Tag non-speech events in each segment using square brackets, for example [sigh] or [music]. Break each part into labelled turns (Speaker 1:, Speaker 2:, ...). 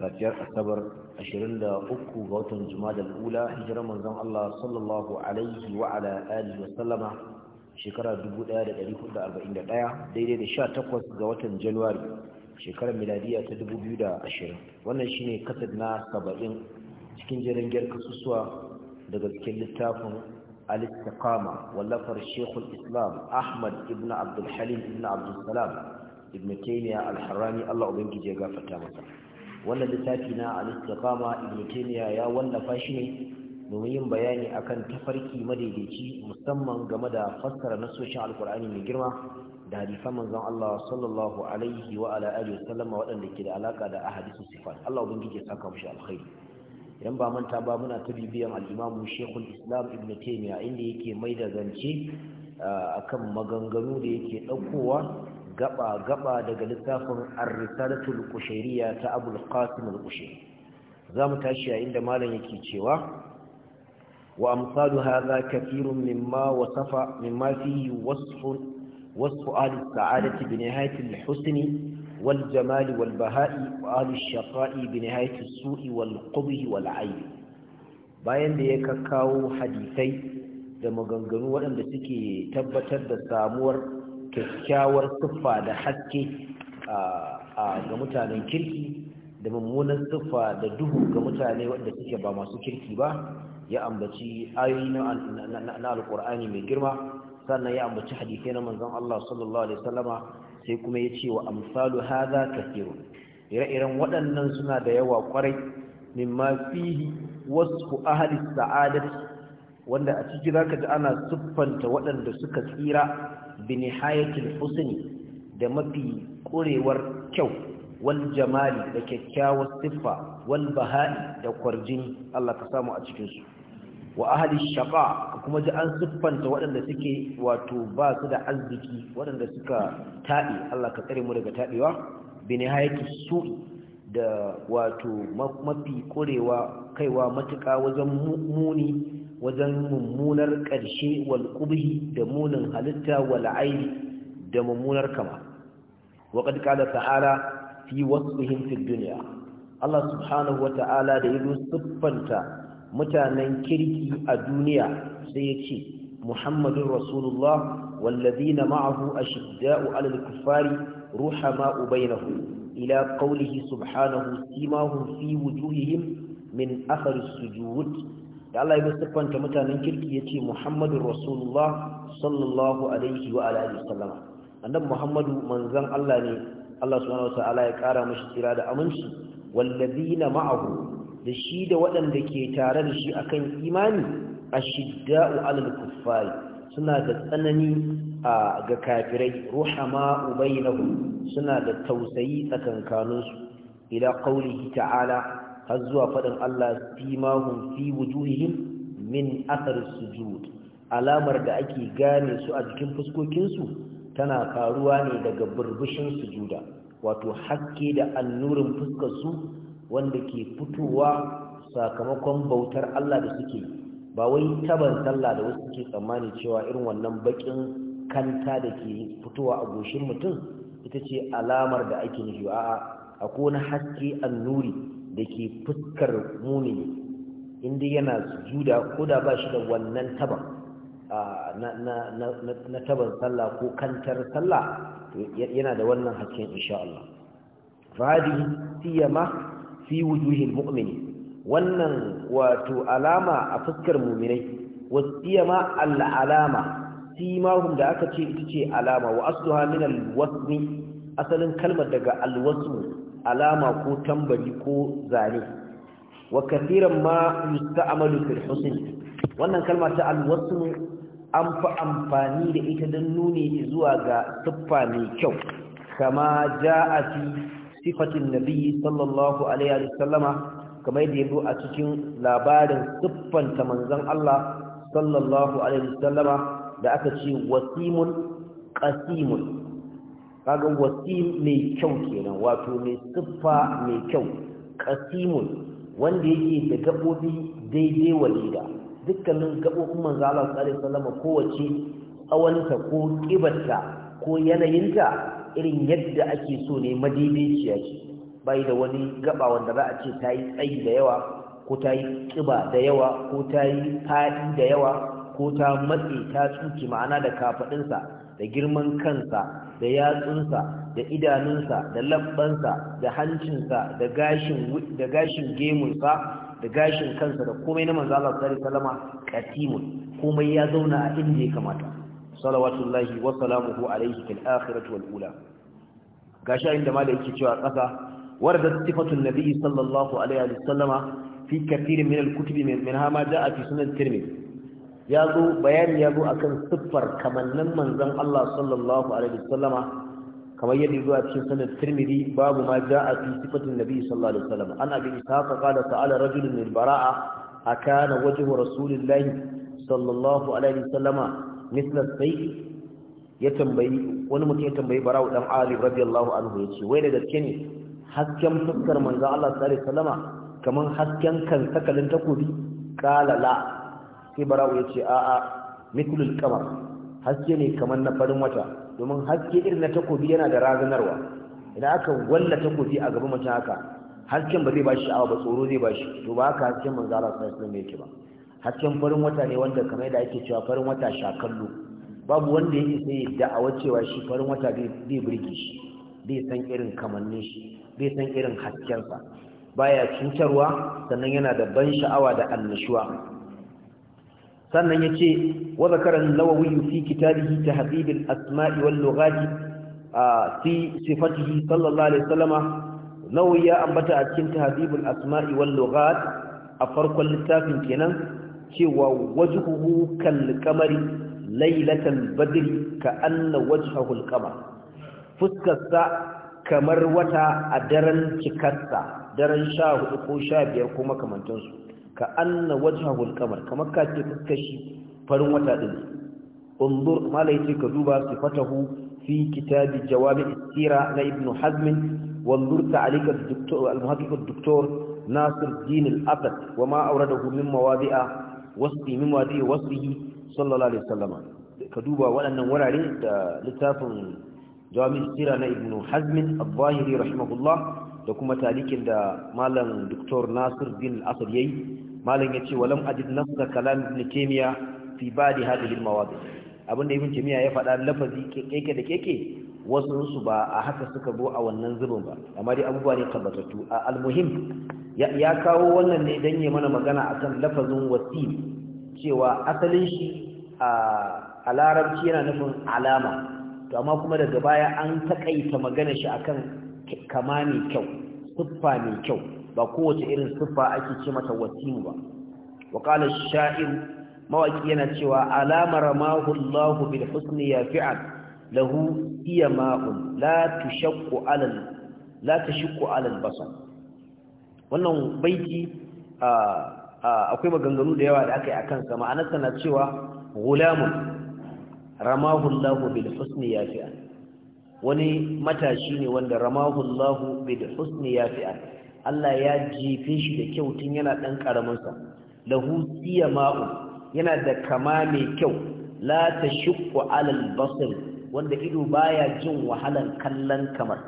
Speaker 1: safiyar asabar 23 ga watan jumada al'ula hijirar manzon Allah sallallahu alaihi wa ala alihi wa sallama shekara 1441 daidai da 18 ga watan januwari shekarar miladiya ta 2020 wannan shine kasad na saba'in cikin jerin kasusuwa daga cikin littafin al-istiqama wallafar shekul islam ahmad ibn abdul halim ibn abdul salam ibn taymiya al-harrani Allah ubangije gafarta masa wannan littafi na al-istiqama ibn taymiya ya wallafa shi ne domin yin bayani akan tafarki madaidaici musamman game da fassara nasoshin alkur'ani mai girma da hadisan manzon Allah sallallahu alaihi wa ala alihi waɗanda ke da alaka da ahadisu sifat Allah ubangiji ya saka mushi alkhairi idan ba manta ba muna ta bibiyan al imamu Sheikhul Islam Ibn Taymiyyah inda yake mai da zance ah, akan maganganu da yake ɗaukowa gaba gaba daga littafin ar-risalatul ta abul al-Qasim za mu zamu tashi yayin da malam yake cewa wa amsalu hadha kathirun mimma wasafa mimma fihi wasfun وصف أهل السعادة بنهاية الحسن والجمال والبهاء وأهل الشقاء بنهاية السوء والقبه والعيب bayan da ya kawo hadisai da maganganu waɗanda suke tabbatar da samuwar kyakkyawar siffa da haske ga mutanen kirki da mummunan siffa da duhu ga mutane wanda suke ba masu kirki ba ya ambaci ayoyi na alkur'ani mai girma sannan ya ambaci hadisai na manzon Allah sallallahu alaihi wasallama sai kuma ya ce wa amsalu hadha kathiru ire-iren waɗannan suna da yawa kwarai mimma fihi wasfu ahli sa'adati wanda a ciki zaka ji ana siffanta waɗanda suka tsira binihayatul husni da mafi ƙurewar kyau wal jamali da kyakkyawar siffa wal baha'i da kwarjin. Allah ka samu a cikinsu wa ahli shaqa kuma ji an siffanta waɗanda suke wato ba su da arziki waɗanda suka taɓi Allah ka tsare mu daga taɓewa binihayatul su da wato mafi korewa kaiwa matuƙa wajen muni wajen mummunar ƙarshe wal qubhi da munin halitta wal aini da mummunar kama wa qad qala ta'ala fi wasfihim fid duniya Allah subhanahu wa ta'ala da yazo siffanta mutanen kirki a duniya sai ya ce muhammadun rasulullah والذين معه أشداء على الكفار رحماء بينهم إلى قوله سبحانه سيماهم في وجوههم min أثر السجود da Allah ya siffanta mutanen kirki yace Muhammadu Rasulullah sallallahu alaihi wa alihi wasallam annabi Muhammadu manzon Allah ne Allah subhanahu wataala ya kara mashi tsira da aminci wallazina ma'ahu da shi da waɗanda ke tare da shi akan imani ashidda'u al kuffari suna da tsanani ga kafirai ruhama bainahum suna da tausayi tsakankaninsu ila qaulihi ta'ala har zuwa faɗin Allah simahum fi wujuhihim min athar sujud alamar da ake gane su a jikin fuskokinsu tana karuwa ne daga burbushin sujuda wato hakke da annurin fuskar su wanda ke fitowa sakamakon bautar Allah da suke ba wai taban sallah da wasu suke tsammani cewa irin wannan bakin kanta da ke fitowa a goshin mutum ita ce alamar da ake nufi a'a akwai wani haske annuri da ke fuskar mumini inda yana juda ko da ba shi da wannan taban na taban sallah ko kantar sallah yana da wannan hasken insha Allah fahadi siyama fi wujuhin mu'mini wannan wato alama a fuskar muminai wasiyama alama simahum da aka ce ita ce alama wa asluha min alwasmi asalin kalmar daga alwasmu alama ko tambari ko zane wa kathiran ma yusta'malu fil husn wannan kalma ta alwasn an fa amfani da ita don nuni zuwa ga siffa mai kyau kama ja'a fi sifatin nabiyyi sallallahu alaihi wa sallama kamar yadda yabo a cikin labarin siffanta manzon Allah sallallahu alaihi wa sallama da aka ce wasimun qasimun kaga wasi mai kyau kenan wato mai siffa mai kyau kasimun wanda yake da gabobi daidai walida dukkanin gabobin manzo Allah sallallahu alaihi wasallam kowace tsawonsa ko kibarta ko yanayinta irin yadda ake so ne madaidaiciya ce bai da wani gaba wanda za a ce ta yi tsayi da yawa ko ta yi ƙiba da yawa ko ta yi fadi da yawa ko ta matse ta tsuki ma'ana da kafaɗinsa da girman kansa da yatsunsa da idanunsa da labbansa da hancinsa da gashin da gashin gemunsa da gashin kansa da komai na manzo Allah sallallahu alaihi wasallam katimun komai ya zauna a inda ya kamata salawatullahi wa salamuhu alaihi fil akhirati wal ula gashi inda malai yake cewa kasa وردت صفة sallallahu alaihi الله fi وسلم min al-kutubi min منها ما جاء fi sunan tirmidhi ya zo bayani ya zo a kan siffar kamannin manzan Allah sallallahu alaihi wasallama kamar yadda zuwa cikin sanad Tirmidhi babu ma a fi sifatin nabi sallallahu alaihi wasallam an ta ishaq da ta'ala rajulun min bara'a a akana wajhu rasulillahi sallallahu alaihi wasallama mithla sayyi ya tambayi wani mutum ya tambayi bara'u dan ali radiyallahu anhu yace wai da gaske ne hasken fuskar manzon Allah sallallahu alaihi wasallama kamar hasken kan sakalin takobi qala la sai barawo ya ce a'a mikulul kamar haske ne kamar na farin wata domin haske irin na takobi yana da razanarwa idan aka walla takobi a gaban mutum haka hasken ba zai ba shi awa ba tsoro zai ba shi to ba haka hasken manzo Allah sallallahu alaihi yake ba hasken farin wata ne wanda kamar yadda ake cewa farin wata shakallu babu wanda yake sai da'awar cewa shi farin wata bai burge shi zai san irin kamannin shi zai san irin haskensa baya cutarwa sannan yana da ban sha'awa da annashuwa sannan ya ce wa zakaran lawawi fi kitabihi ta al-asma'i wal a fi sifatihi sallallahu alaihi wasallama nawawi ya ambata a cikin ta al-asma'i wal lughat a farkon littafin kenan cewa wajhuhu kal qamari lailatal badri ka anna wajhahu al qamar fuskarsa kamar wata a daren cikarsa daren sha hudu ko sha biyar ko makamantansu ka anna wajhahul qamar kamar ka ce kashi farin wata din unzur malai ce ka duba sifatahu fi kitabi jawabi istira na ibn hazm wanzur ta'alika al al-muhaqqiq doktor nasir din al-abad wa ma awradahu min mawadi'a wasfi min mawadi'i wasfihi sallallahu alaihi wasallam ka duba waɗannan wurare da littafin jawami istira na ibn hazm al-zahiri rahimahullah da kuma talikin da malam Dr. Nasir bin ya yayi malam ya ce, walam ajid nafsa kalam ibn Taymiya fi ba'di hadhihi al-mawadi abinda ibn Taymiya ya faɗa lafazi keke da keke wasu su ba a haka suka zo a wannan zubin ba amma dai abubuwa ne tabbatattu a almuhim ya kawo wannan ne don yi mana magana akan lafazin wasi cewa asalin shi a larabci yana nufin alama to amma kuma daga baya an takaita magana shi akan kama mai kyau siffa mai kyau ba kowace irin siffa ake ce mata wasimu ba wa qala sha'ir mawaki yana cewa alama ramahu Allahu bil husni ya fi'al lahu iya ma'un la tushaqqu alal la alal basar wannan baiti akwai maganganu da yawa da aka yi akan sa ma'anarsa na cewa gulamun ramahullahu bil husni ya fi'al wani matashi ne wanda ramahu bai da husni yafi'a Allah ya jefe shi da kyau tun yana dan karamin sa lahu siyama'u yana da kama mai kyau la tashqu 'ala al-basr wanda ido baya jin wahalan kallon kamar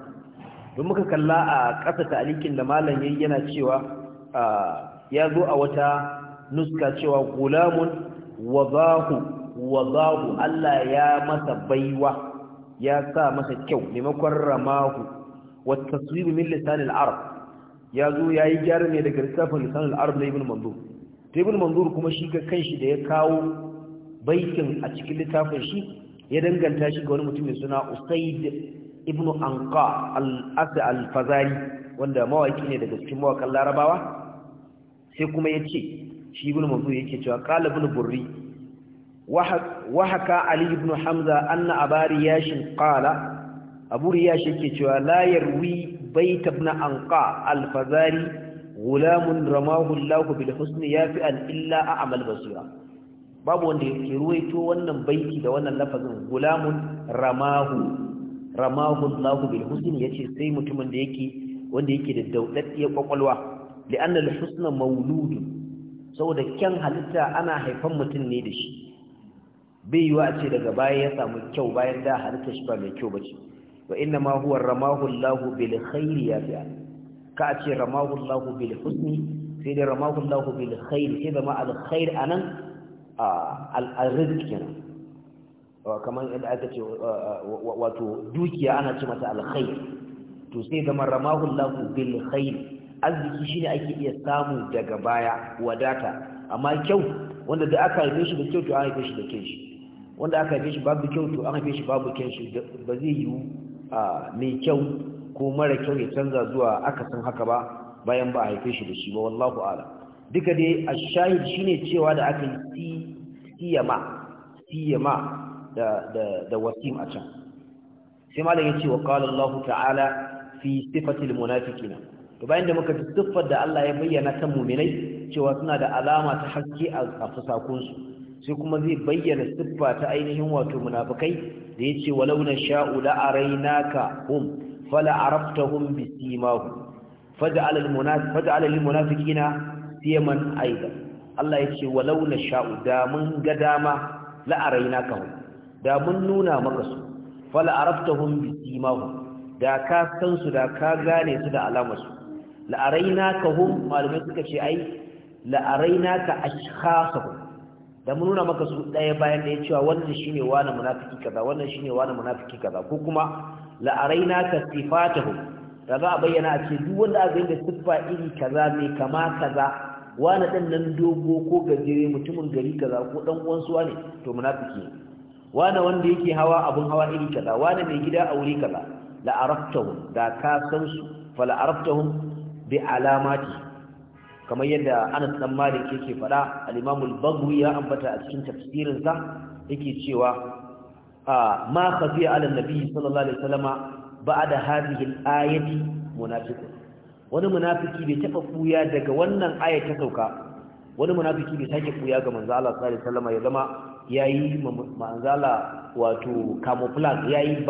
Speaker 1: don muka kalla a ƙasa ta'alikin da malam yayi yana cewa ya zo a wata nuska cewa gulamun wazahu wazahu Allah ya masa baiwa ya sa masa kyau maimakon ramahu wa taswibu min lisan arab ya zo yayi gyara ne daga lissafin lisan arab na ibn mandur Ta ibn mandur kuma shi ga kanshi da ya kawo baikin a cikin littafin shi ya danganta shi ga wani mutum mai suna usaid ibn anqa al asa al-fazari wanda mawaki ne daga cikin mawakan larabawa sai kuma ya ce shi ibn mandur yake cewa qala ibn burri وحكى علي بن حمزة أن أبا رياش قال أبو رياش كتوى لا يروي بيت ابن أنقاع الفزاري غلام رماه الله بالحسن يافئا إلا أعمل بصيرا babu wanda ya ruwaito wannan baiti da wannan lafazin gulamun ramahu ramahu Allahu yace sai mutumin da yake wanda yake da daudaddiya kwakwalwa li'anna al husna mawludun saboda kyan halitta ana haifar mutum ne da shi bai yiwa ce daga baya ya samu kyau bayan da halitta shi ba mai kyau bace wa inna ma huwa ramahu Allahu bil khairi ya fi ka a ce ramahu Allahu bil husni sai da ramahu Allahu bil khairi sai da ma al khair anan al rizq kenan kamar yadda aka ce wato dukiya ana ce mata al khair to sai da ramahu Allahu bil khair arziki shine ake iya samu daga baya wadata amma kyau wanda da aka haife shi da kyau to an haife shi da kenshi. wanda aka haife shi babu kyau to an haife shi babu kenshi, ba zai yiwu a mai kyau ko mara kyau ya canza zuwa aka san haka ba bayan ba a haife shi da shi ba wallahu ala duka dai a shahid shine cewa da aka yi siyama siyama da wasim a can sai malam ya ce wa qala Allah ta'ala fi sifatil munafiqina to bayan da muka ji siffar da Allah ya bayyana kan mu'minai cewa suna da alama ta haske a fusakunsu sai kuma zai bayyana siffa ta ainihin wato munafikai da ya ce walau na sha'u ka hum fala araftahum bi simahu faj'al lil munafiqina siyaman aida Allah ya ce walau na sha'u da mun ga dama ka hum da mun nuna maka su fala araftahum bi simahu da ka san su da ka gane su da alamarsu la'araina ka hum malamai suka ce ai la'araina ka ashkhasahu da mun nuna maka su daya bayan da ya cewa wannan shine wani munafiki kaza wannan shine wani munafiki kaza ko kuma la'araina ka sifatahu da za a bayyana a ce duk wanda aka yi da siffa iri kaza mai kama kaza wani dan nan dogo ko gajere mutumin gari kaza ko dan uwan wane ne to munafiki wani wanda yake hawa abun hawa iri kaza wani mai gida a wuri kaza la'araftahum da ka san su fa la'araftahum bi alamati kamar yadda Anas dan Malik yake faɗa al-Imam al-Baghawi ya ambata a cikin tafsirin sa yake cewa ma khafi ala nabi sallallahu alaihi wasallama ba'da hadhihi al-ayati munafiq wani munafiki bai taba kuya daga wannan aya ta sauka wani munafiki bai sake kuya ga manzo Allah sallallahu alaihi wasallama ya zama yayi manzo Allah wato camouflage yayi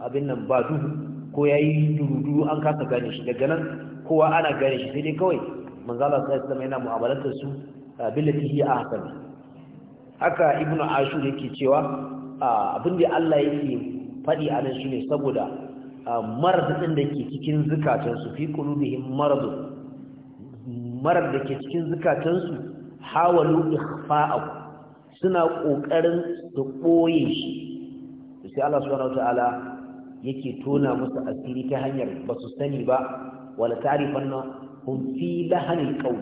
Speaker 1: abin nan ba duhu ko yayi duruduru an kasa gane shi daga nan kowa ana gane shi sai dai kawai manzala sallallahu alaihi wasallam yana mu'amalatar su billahi hi ahsan haka ibnu ashur yake cewa abin da Allah yake fadi a anan shine saboda maradin da ke cikin zukatan su fi qulubihim marad marad da ke cikin zukatan su hawalu ikhfa'a suna kokarin su boye shi sai Allah subhanahu wataala yake tona musu asiri ta hanyar ba su sani ba wala ta'rifanna hum fi lahanil qawl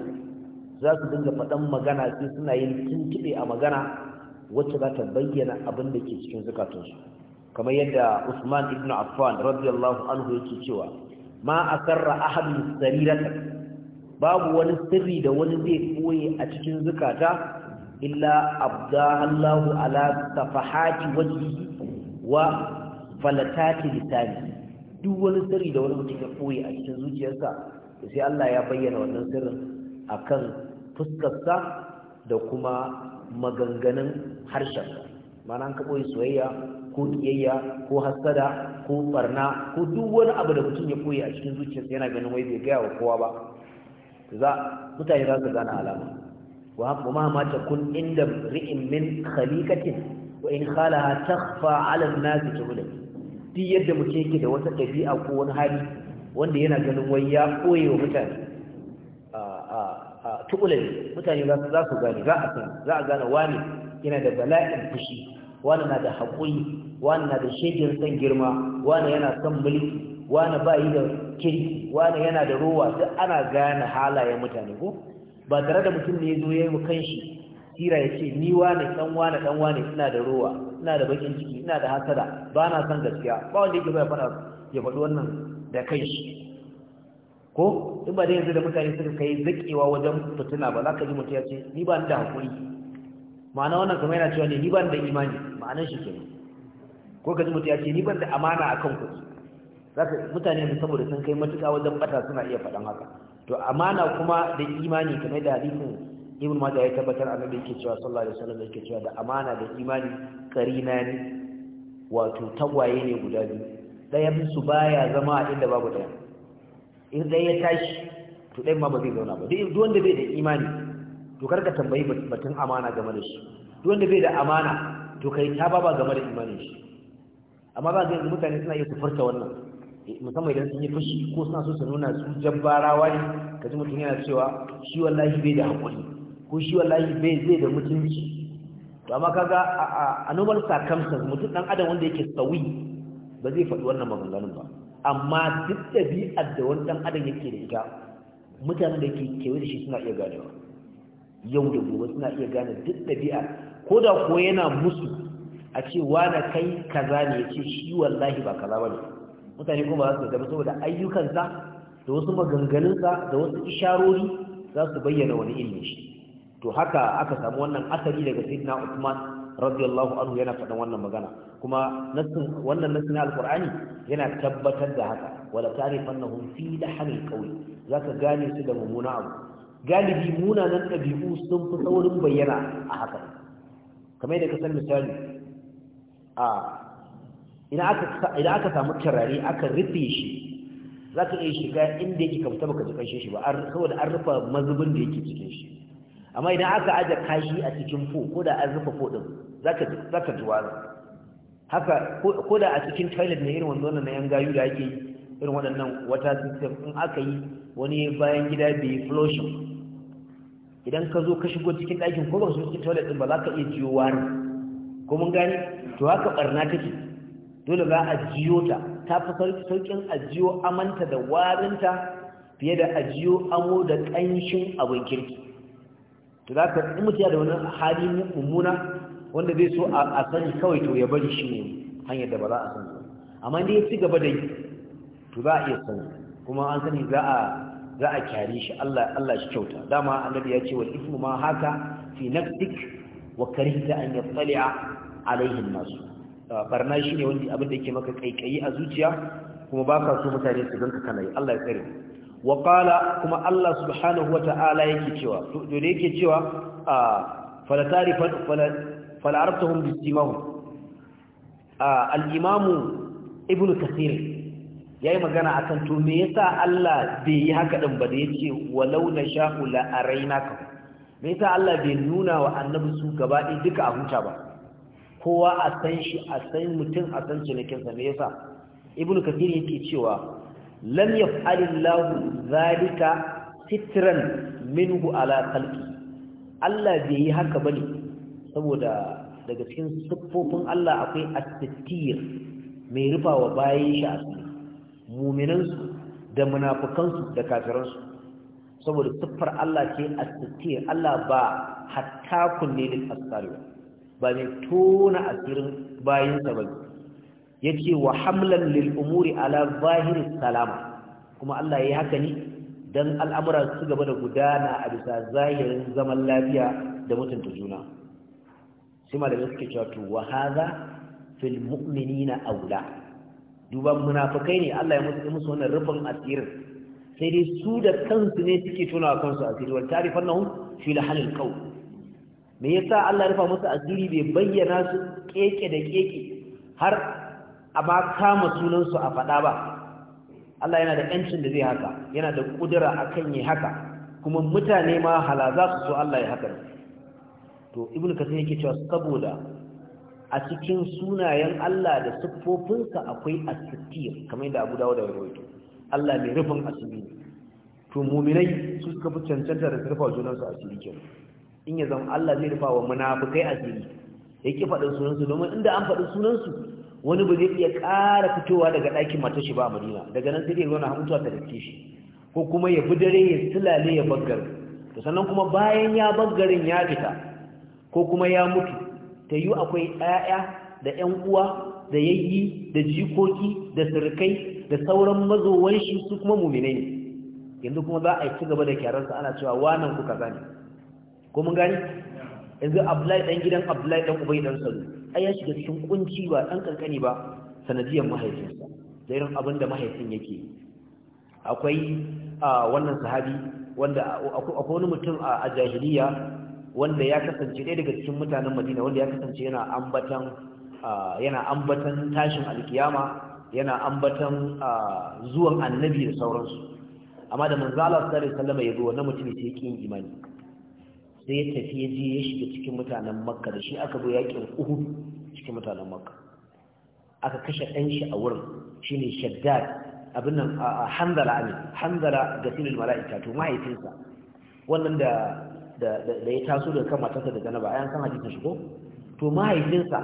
Speaker 1: za su dinga faɗan magana sai suna yin tuntube a magana wacce za ta bayyana abin da ke cikin zukatunsu kamar yadda Usman ibn Affan radiyallahu anhu yake cewa ma asarra ahadun sarirata babu wani sirri da wani zai koye a cikin zukata illa abdahallahu ala safahati wajhihi wa falatati lisani duk wani sirri da wani mutum ya koye a cikin zuciyarsa to sai Allah ya bayyana wannan sirrin akan fuskarsa da kuma maganganun harshen mana an kaɓo soyayya ko ƙiyayya, ko hassada, ko barna ko duk wani abu da mutum ya koyi a cikin zuciyarsa yana ganin wai bai gaya wa kowa ba za mutane za su gane alama wa haka ma ma ta kun inda ri'in min khaliqatin wa in khala takhfa 'ala an-nas jumla duk yadda mutum yake da wata ɗabi'a ko wani hali wanda yana ganin wai ya koye wa mutane a tukulai mutane za su gane za a san za a gane wani yana da bala'in fushi wani na da haƙuri wani na da shegin san girma wani yana son mulki wani ba yi da kirki wani yana da rowa duk ana gane halayen mutane ko ba tare da mutum ne ya zo ya yi shi tira ya ce ni wani ɗan wani ɗan wani ina da rowa ina da bakin ciki ina da hasada ba na son gaskiya ba wanda yake bai faɗa ya faɗi wannan da kai ko in ba da yanzu da mutane suka kai zakewa wajen fituna ba za ka ji mutu ya ce ni ba da hakuri ma'ana wannan kamar yana cewa ne ni ba da imani ma'anar shi kenan ko ka ji mutu ya ce ni ba da amana akan kuɗi za ka mutane yanzu saboda sun kai matuƙa wajen bata suna iya faɗan haka to amana kuma da imani kamar da hadisin ibn maja ya tabbatar a nan yake cewa sallallahu alaihi wasallam yake cewa da amana da imani karina ne wato tagwaye ne guda biyu ɗayan su baya zama a inda babu ɗaya in ɗaya ya tashi to ɗayan ma ba zai zauna ba duk wanda bai da imani to karka tambayi batun amana game da shi duk wanda bai da amana to kai ta baba game da imanin shi amma ba zai mutane suna iya kufarta wannan eh, musamman idan sun yi fushi ko suna so su nuna su jabbarawa ne ka ji mutum yana cewa shi wallahi bai da haƙuri ko shi wallahi bai zai da mutunci to amma kaga a normal circumstances mutum dan adam wanda yake sauyi ba zai faɗi wannan maganganun ba amma duk ɗabi'ar da wani ɗan adam yake da ita mutanen da ke kewaye da shi suna iya ganewa yau da gobe suna iya gane duk ɗabi'a ko da ko yana musu a ce wane kai kaza ne ya ce shi wallahi ba kaza ba ne mutane kuma ba za su gaba saboda ayyukansa da wasu maganganunsa da wasu isharori za su bayyana wani ilmi shi to haka aka samu wannan asali daga sai Usman? radiyallahu anhu yana faɗan wannan magana kuma nassin wannan nassin alqur'ani yana tabbatar da haka wala tarifannahum fi lahamil qawl zaka gane su da mummuna abu galibi muna nan ɗabi'u sun fi saurin bayyana a haka kamar yadda ka san misali a idan aka idan aka samu kirare aka rufe shi za ka iya shiga inda yake kamta baka ji shi ba saboda an rufa mazubin da yake cikin shi amma idan aka aje kashi a cikin fu ko da an rufe fo din zaka zaka ji wani haka ko da a cikin toilet ne irin wannan na yan gayu da yake irin waɗannan wata system in aka yi wani bayan gida bai flushing idan ka zo ka shigo cikin ɗakin ko ba su cikin toilet din ba za ka iya jiyo wani ko mun gani to haka barna take dole za a jiyo ta ta fi saukin jiyo amanta da warinta fiye da a jiyo amo da ƙanshin abin kirki to za ka in mutu da wani hali mummuna wanda zai so a sani kawai to ya bari shi ne hanyar da ba za a sani amma inda ya ci gaba da yi to za a iya sani kuma an sani za a za a kyare shi Allah Allah shi kyauta dama annabi ya ce wal ismu ma haka fi nafsik wa karihta an yattali'a alaihi an-nas barna shine wanda abin da yake maka kaikayi a zuciya kuma baka so mutane su ganka kana yi Allah ya tsare wa qala kuma Allah subhanahu wata'ala yake cewa to dole yake cewa fala tarifan fala arabtahum bisimahum al-imam ibn kathir yayi magana akan to me yasa Allah bai yi haka din ba da yace walau na sha'u la arainaka me yasa Allah bai nuna wa annabi su gaba ɗaya duka a huta ba kowa a san shi a san mutum a san cinikinsa me yasa ibn kathir yake cewa lam yaf'alillahu zalika sitran minhu ala khalqi Allah bai yi haka bane saboda daga cikin siffofin Allah akwai at-tatir mai rufawa bayan shi asiri mu'minansu da su da kafiransu saboda siffar Allah ce at satir Allah ba hatta kulli lil asari ba mai tona asirin bayin sa bane yace wa hamlan lil umuri ala zahiris salama kuma Allah yayi haka ne dan al'amura su gaba da gudana a bisa zahirin zaman lafiya da mutunta juna sai malamai suke cewa to wa hadha fil mu'minina aula duban munafikai ne Allah ya musu musu wannan rufin asirin sai dai su da kansu ne suke tona kansu asiri wal tarifannahum fi lahalil qawl me yasa Allah ya rufa musu asiri bai bayyana su keke da keke har a ba kama sunansu a faɗa ba Allah yana da 'yancin da zai haka yana da ƙudura akan yi haka kuma mutane ma hala za su so Allah ya haka to Ibn kasir yake cewa saboda a cikin sunayen Allah da siffofinsa akwai as kamar yadda Abu da ya rawaito Allah mai rufin asiri ne to muminai su suka fi cancanta da rufa junansu asiri ke in ya zama Allah zai rufa wa munafikai asiri yake faɗin sunansu domin inda an faɗi sunansu wani ba zai iya ƙara fitowa daga ɗakin matar shi ba a madina daga nan sai dai zauna har mutuwa ta dake shi ko kuma ya bi dare ya silale ya baggar to sannan kuma bayan ya baggarin ya fita ko kuma ya mutu ta yi akwai ɗaya da ƴan uwa da yayyi da jikoki da sirkai da sauran mazowan shi su kuma muminai ne yanzu kuma za a yi ci gaba da kyararsa ana cewa wanan ku kaza ne ko mun gani yanzu abdullahi dan gidan abdullahi dan ubai dan salu ai ya shiga cikin kunci ba dan kankani ba sanadiyar mahaifinsa da irin abin da mahaifin yake akwai wannan sahabi wanda akwai wani mutum a jahiliya wanda ya kasance ɗaya daga cikin mutanen madina wanda ya kasance yana ambatan yana ambatan tashin alkiyama yana ambatan zuwan annabi da sauransu amma da manzala sallallahu alaihi wasallam ya zo wannan mutum sai yake yin imani sai ya tafi ya je ya shiga cikin mutanen makka da shi aka zo yakin uhu cikin mutanen makka aka kashe ɗan shi a wurin shine shaddad abin nan a handala ne handala ga filin mala'ika to mahaifinsa wannan da da ya taso daga kan matarsa da janaba ayan san hadisin shi ko to mahaifinsa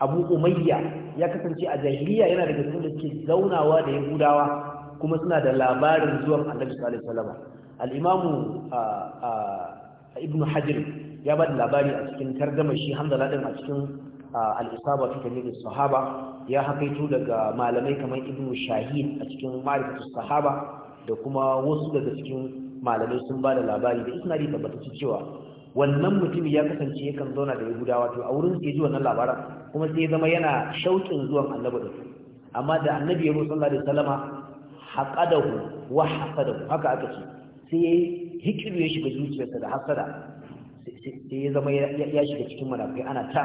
Speaker 1: abu umayya ya kasance a jahiliya yana daga cikin da suke zaunawa da yahudawa kuma suna da labarin zuwan annabi sallallahu alaihi wasallam al-imamu ibn hajir ya ba da labari a cikin targama shi hamdala din a cikin al'isaba ta kamar sahaba ya hakaito daga malamai kamar ibn shahid a cikin ma'arifatu sahaba da kuma wasu daga cikin malamai sun ba da labari da isnadi tabbatacce cewa wannan mutum ya kasance yakan zauna da yahudawa to a wurin sai ji wannan labaran kuma sai ya zama yana shauƙin zuwan annabi da amma da annabi ya ruwa sallallahu alaihi wasallama haƙadahu wa haƙadahu haka aka ce sai hikiru ya shiga zuciyarsa da hasada sai ya zama ya shiga cikin munafikai ana ta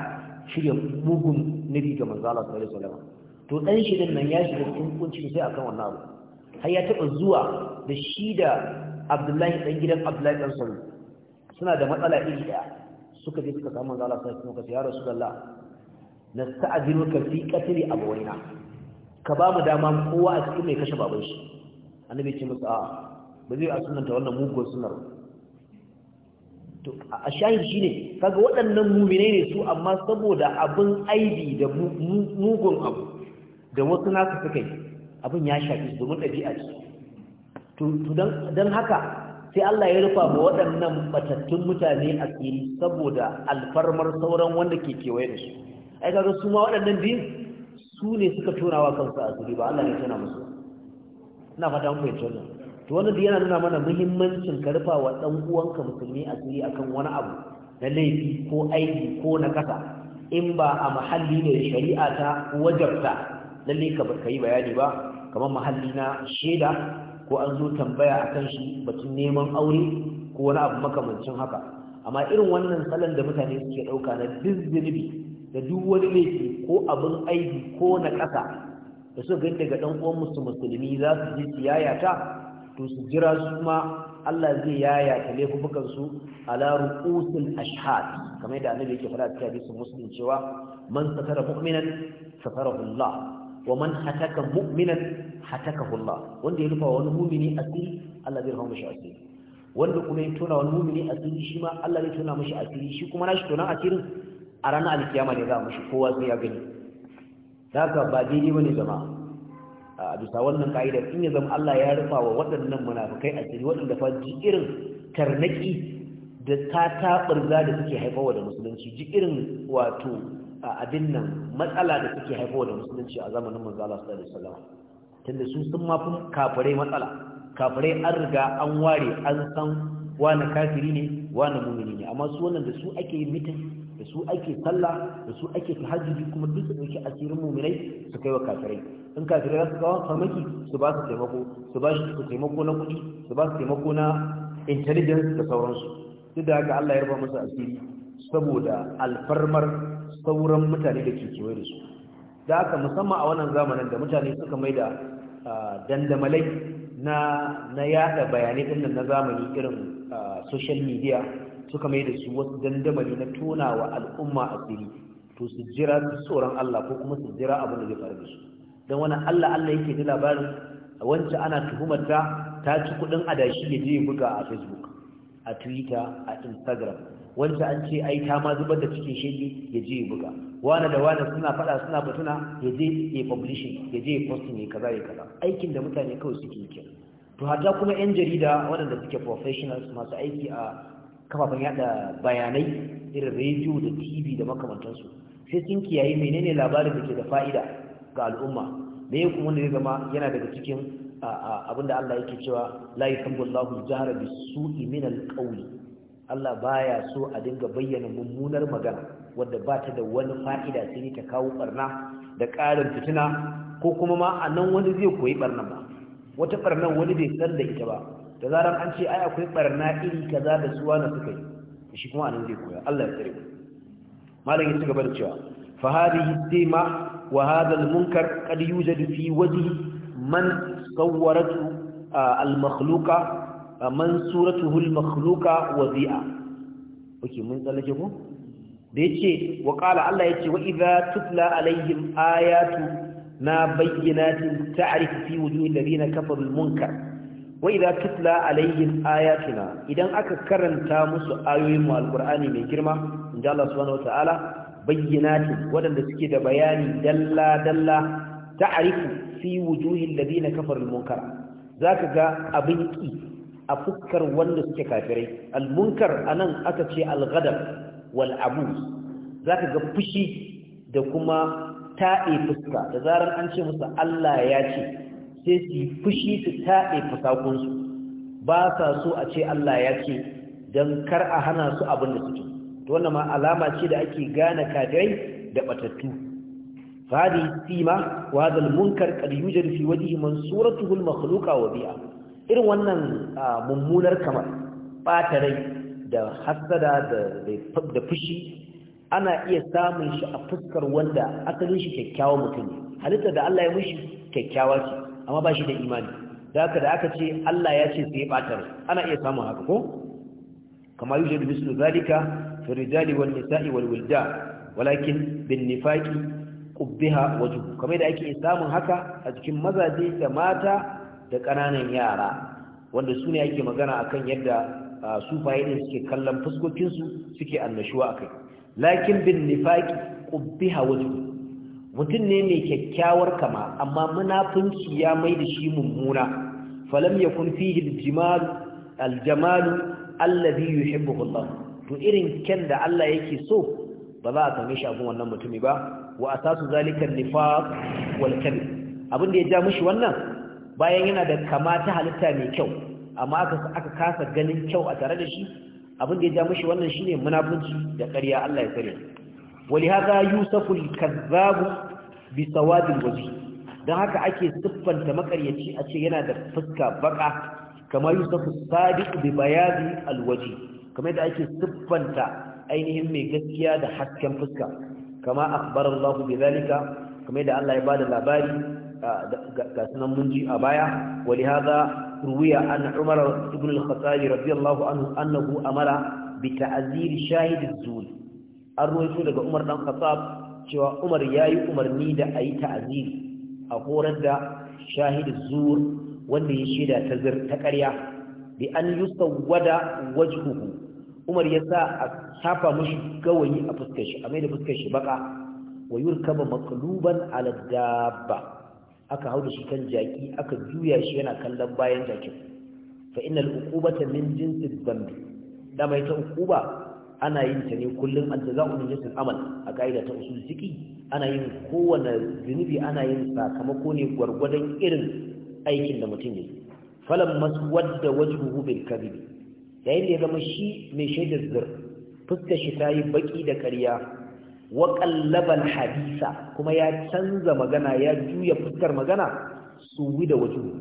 Speaker 1: shirya mugun nabi ga manzo Allah sallallahu alaihi wasallam to dan shi nan ya shiga cikin kunci sai akan wannan abu har ya taba zuwa da shi da Abdullahi dan gidan Abdullahi dan Salu suna da matsala iri daya suka je suka samu manzo Allah sallallahu alaihi wasallam ya rasulullah nasta'dinuka fi qatli abawaina ka ba mu dama kowa a cikin mai kashe baban shi annabi ce musu a'a ba zai a sunanta wannan mugun sunar a shahid shi ne kaga waɗannan muminai ne su amma saboda abin aibi da mugun abu da wasu naka suka yi abin ya shafi su domin ɗabi'a ce don haka sai Allah ya rufa ba waɗannan batattun mutane a tsiri saboda alfarmar sauran wanda ke kewaye da su ai kaga su ma waɗannan biyun su ne suka tonawa kansu a tsiri ba Allah ne tana musu ina fata mun fahimci wannan to wannan da yana nuna mana muhimmancin karfa wa dan uwanka musulmi asiri akan wani abu na laifi ko aiki ko na kasa in ba a mahalli ne shari'a ta wajabta lalle ka baka yi bayani ba kamar mahalli na shaida ko an zo tambaya akan shi batun neman aure ko wani abu makamancin haka amma irin wannan salon da mutane suke dauka na dizzinubi da duk wani laifi ko abin aiki ko na kasa da su gani daga dan uwan musu musulmi za su ji siyaya ta to su jira su ma Allah zai yaya ta laifukan su ala ruqusil kamar yadda annabi yake faɗa cikin hadisin muslim cewa man satara mu'minan satara Allah wa man hataka mu'minan hataka Allah wanda ya rufa wani mu'mini asiri Allah zai rufa mishi asiri wanda kuma ya tona wani mu'mini asiri shi ma Allah zai tona mishi asiri shi kuma nashi tona asirin a ranar alkiyama ne za mu mishi kowa sai ya gani da haka ba daidai bane jama'a a bisa wannan ka'idar in ya zama Allah ya rufa wa waɗannan munafikai a cikin waɗanda fa ji irin tarnaki da ta za da suke wa da musulunci ji irin wato abin nan matsala da suke wa da musulunci a zamanin manzo Allah sallallahu alaihi wasallam tunda su sun ma fi kafirai matsala kafirai an riga an ware an san wani kafiri ne wani mumini ne amma su wannan da su ake yi mitin da su ake sallah da su ake tahajjudi kuma duk su dauki asirin mu'minai su kai wa kafirai in kafirai za su kawo farmaki su ba su taimako su ba su taimako na kuɗi su ba su taimako na intelligence da sauransu duk da haka Allah ya raba musu asiri saboda alfarmar sauran mutane da ke kewaye da su da haka musamman a wannan zamanin da mutane suka mai da dandamalai na na yada bayanai din na zamani irin social media suka mai da su wasu dandamali na tona wa al'umma a tsiri, to su jira su tsoron Allah ko kuma su jira abin da zai faru da su don wani Allah Allah yake ji labarin wance ana tuhumar ta ta ci kudin adashi ya je buga a Facebook a Twitter a Instagram wance an ce ai ta ma zubar da cikin shege ya je buga wani da wani suna fada suna batuna ya je ya publishing ya je posting ya kaza ya kaza aikin da mutane kawai suke yi to hatta kuma yan jarida waɗanda suke professionals masu aiki a kafafen yaɗa bayanai irin rediyo da tv da makamantansu sai sun kiyaye menene labarin da ke da fa'ida ga al'umma me kuma wanda zama yana daga cikin abinda Allah yake cewa Laifin yuhibbullahu jahra bisu'i min alqawli Allah baya so a dinga bayyana mummunar magana wadda ba ta da wani fa'ida sai ta kawo barna da ƙarin fitina ko kuma ma a nan wani zai koyi barnan ba wata barnan wani bai san da ita ba da zarar an ce ai akwai barna iri kaza da suwa na suka yi shi kuma anan zai koya Allah ya tsare malam ya ci gaba da cewa fa hadhihi sima wa hadha al munkar qad yujadu fi wajhi man sawwaratu al makhluqa man suratuhu al makhluqa wadi'a oke mun tsallake ko da yace wa qala Allah yace wa idha tutla alaihim ayatu na bayyinatin ta'rifu fi wujuhil ladina kafaru al munkar wa idza tutla alaihim ayatina idan aka karanta musu ayoyin mu alqur'ani mai girma inda Allah subhanahu wataala bayyinatin wadanda suke da bayani dalla dalla ta'rifu fi wujuhil ladina kafaru almunkara zaka ga abin ki a fukkar wanda suke kafirai almunkar anan aka ce alghadab wal abus zaka ga fushi da kuma ta'i fuska da zaran an ce musu Allah ya ce sai su fushi su taɗe fasakunsu ba sa so a ce Allah ya ce don kar a hana su abin da suke to wannan ma alama ce da ake gane kafirai da batattu fadi sima wa hadal munkar qad yujad fi wajhi mansuratuhu al makhluqa wa bi'a irin wannan mummunar kamar bata rai da hasada da da fushi ana iya samun shi a fuskar wanda asalin shi kyakkyawa mutum ne halitta da Allah ya mushi kyakkyawa ce amma ba shi da imani da haka da aka ce Allah ya ce sai batar ana iya samun haka ko kama da bisu zalika fi rijali nisa'i wal wilda walakin bin nifaqi qubbiha wajhu kamar da ake samun haka a cikin mazaje da mata da ƙananan yara wanda su ne ake magana akan yadda sufaye ne suke kallon fuskokinsu suke annashuwa akai lakin bin nifaqi qubbiha wajhu mutum ne mai kyakkyawar kama amma munafunci ya mai da shi mummuna falam ya fihi aljamal aljamal allazi yuhibbuhu Allah to irin kyan da Allah yake so ba za a same shi abun wannan mutumi ba wa asasu zalika nifaq wal kadhib abin da ya ja mishi wannan bayan yana da kama ta halitta mai kyau amma aka aka kasa ganin kyau a tare da shi abin da ya ja mishi wannan shine munafunci da ƙarya Allah ya tsare ولهذا يوسف الكذاب بسواد الوجه dan haka ake siffanta makaryaci a ce yana da fuska baka kamar yusuf sadiq bi bayadi alwaji kamar da ake siffanta ainihin mai gaskiya da hasken fuska kama akhbara Allah bi zalika kamar da Allah ya bada labari ga sunan munji a baya ولهذا روي عن عمر بن الخطاب رضي الله عنه انه امر بتعزير شاهد الزور an ruwaito daga umar dan khattab cewa umar yayi umarni da ayi ta'ziri a horar da shahid zur wanda ya shaida ta zir ta ƙarya bi an yusawwada wajhuhu umar ya sa a safa mashi gawayi a fuskar shi a mai da fuskar shi baka wa yurkaba maqluban ala dabba aka hau da shi kan jaki aka juya shi yana kallon bayan jakin fa innal uqubata min jinsi dhanbi dama ita uquba ana yin ta ne kullum aljaza'u min jinsil amal a ka'ida ta usul fiqi ana yin kowane zunubi ana yin sakamako ne gwargwadon irin aikin da mutum ya yi falan wadda wajen bil kadhib yayin da ya zama shi mai shaidar zur fuskar shi ta yi baki da karya. wa qallabal hadisa kuma ya canza magana ya juya fuskar magana suwi da wajen.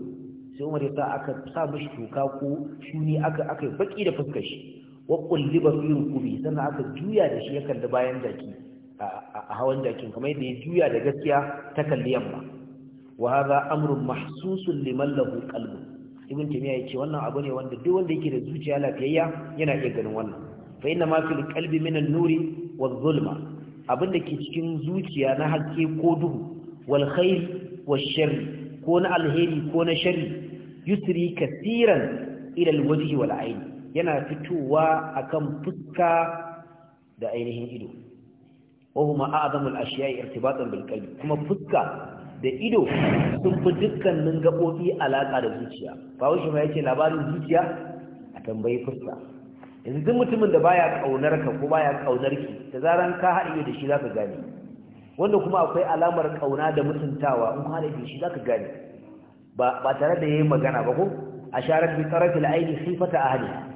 Speaker 1: sai Umar ya sa aka sa mashi toka ko shuni aka aka baki da fuskar shi wa kulliba fi rukubi sannan aka juya da shi ya kalli bayan jaki a hawan jakin kamar yadda ya juya da gaskiya ta kalli yamma wa hadha amrun mahsusun liman lahu qalbun ibn tamiya yace wannan abu ne wanda duk wanda yake da zuciya lafiyayya yana iya ganin wannan fa inna ma fil qalbi min an-nuri wadh-dhulma abinda ke cikin zuciya na hakke ko duhu wal khair wash ko na alheri ko na sharri yusri kaseeran ila al-wajhi wal yana fitowa akan fuska da ainihin ido wahuma a'zamul ashiya'i irtibatan bil qalbi kuma fuska da ido sun fi dukkanin gabobi alaka da zuciya ba wuce ma yake labarin zuciya a tambayi fuska yanzu duk mutumin da baya kaunar ka ko baya kaunar ki da zaran ka haɗe da shi zaka gane wanda kuma akwai alamar kauna da mutuntawa in ka haɗe da shi zaka gane ba tare da yayin magana ba ko asharat bi tarafil aini sifata ahliha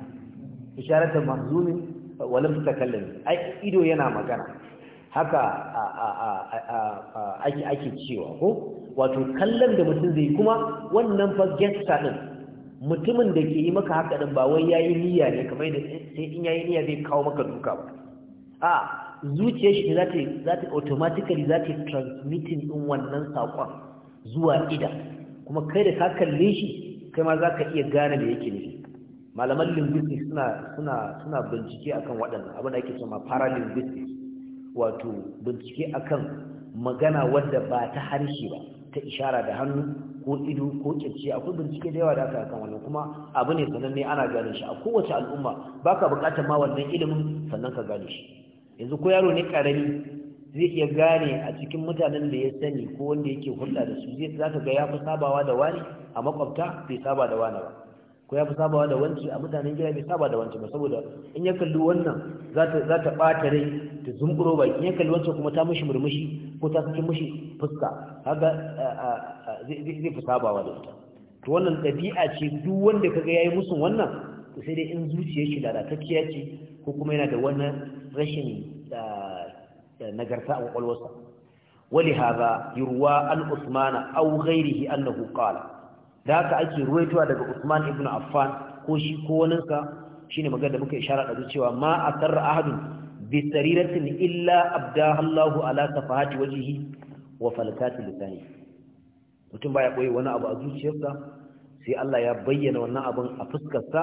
Speaker 1: isharata mahzumin walam takallami ai ido yana magana haka ake ake cewa ko wato kallon da mutum zai kuma wannan fa gesta din mutumin da ke yi maka haka ɗin ba wai yayi niyya ne kamar da sai in yayi niyya zai kawo maka duka ba a zuciyar shi za ta za automatically za transmitting din wannan sakon zuwa ida kuma kai da ka kalle shi kai ma za ka iya gane da yake nufi malaman linguistics suna suna suna bincike akan waɗannan abin da ake cewa paralinguistics wato bincike akan magana wadda ba ta harshe ba ta ishara da hannu ko ido ko kirce akwai bincike da yawa da aka kan wannan kuma abu ne sananne ana gane shi a kowace al'umma baka bukatar ma wannan ilimin sannan ka gane shi yanzu ko yaro ne karami zai iya gane a cikin mutanen da ya sani ko wanda yake hulɗa da su zai zaka ga ya fi sabawa da wani a makwabta bai saba da wani ba ko ya fi sabawa da wanci a mutanen gida bai saba da wanci ba saboda in ya kalli wannan za ta ɓata rai ta zumburo baki in ya kalli wancan kuma ta mishi murmushi ko ta sakin mishi fuska haka zai fi sabawa da ita to wannan ɗabi'a ce duk wanda ya yi musun wannan sai dai in zuciyar shi lalatacciya ce ko kuma yana da wannan rashin nagarta a kwakwalwarsa wali hada yurwa al usmana aw ghairihi annahu qala da haka ake ruwaitowa daga Usman ibn Affan ko shi ko waninsa shine magana da muka ishara da cewa ma asarra ahadun bi sariratin illa abdaha Allahu ala safahati wajhihi wa falakati lisani mutum baya koyi wani abu a zuciyarsa sai Allah ya bayyana wannan abin a fuskarsa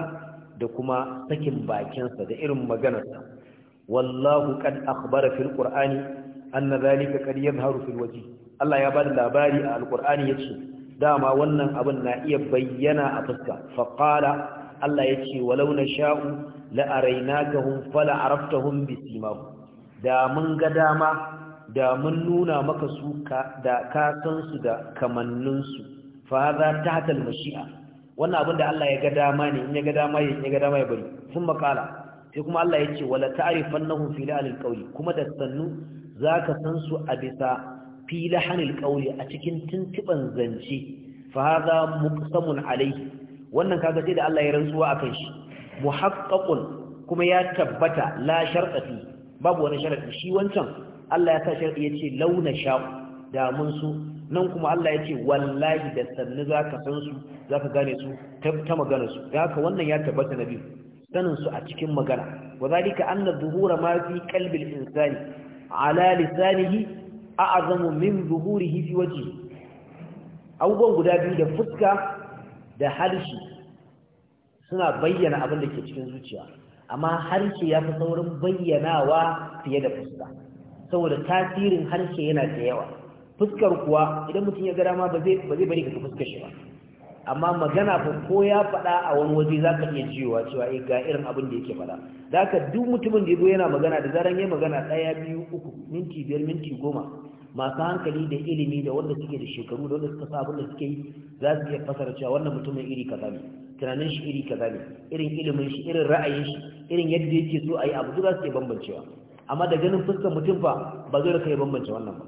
Speaker 1: da kuma sakin bakinsa da irin maganarsa wallahu qad akhbara fil qur'ani anna dhalika qad yadhharu fil wajhi Allah ya bada labari a alqur'ani yace dama wannan abin na iya bayyana a fuska faqala Allah yace walau nasha'u la arainakahum fala araftahum bisimahum da mun ga dama da mun nuna maka su da ka da kamanninsu. su fa hadha mashia wannan abin da Allah ya ga dama ne in ya ga dama ya ga dama ya bari sun makala sai kuma Allah ce, wala ta'rifannahum fi la'al qawli kuma da sannu zaka san su a bisa fi lahanil ƙauye a cikin tuntuban zance fa hadha muqsamun wannan kaga sai da Allah ya rantsuwa kan shi muhaqqaqun kuma ya tabbata la sharqati babu wani sharadi shi wancan Allah ya sa sharadi yace launa sha da mun su nan kuma Allah ya ce wallahi da sannu zaka san su zaka gane su ta magana su haka wannan ya tabbata nabi sanin su a cikin magana wa zalika anna dhuhura ma fi qalbi al-insani ala lisanihi a'azamu min zuhurihi fi wajhi abubuwan guda biyu da fuska da harshe suna bayyana abin da ke cikin zuciya amma harshe ya fi saurin bayyanawa fiye da fuska saboda tasirin harshe yana da yawa fuskar kuwa idan mutum ya ga dama ba zai bari ka fuskar shi ba amma magana fa ko ya faɗa a wani waje za ka iya jiwa cewa eh ga irin abin da yake faɗa zaka ka duk mutumin da yana magana da zaran ya magana ɗaya biyu uku minti biyar minti goma masu hankali da ilimi da wanda suke da shekaru da wanda suka sa abin da suke yi za su iya fasara cewa wannan mutumin iri kaza ne tunanin shi iri kaza ne irin ilimin shi irin ra'ayin shi irin yadda yake so a yi abu za su iya bambancewa amma da ganin fuskar mutum fa ba zai rika ya bambance wannan ba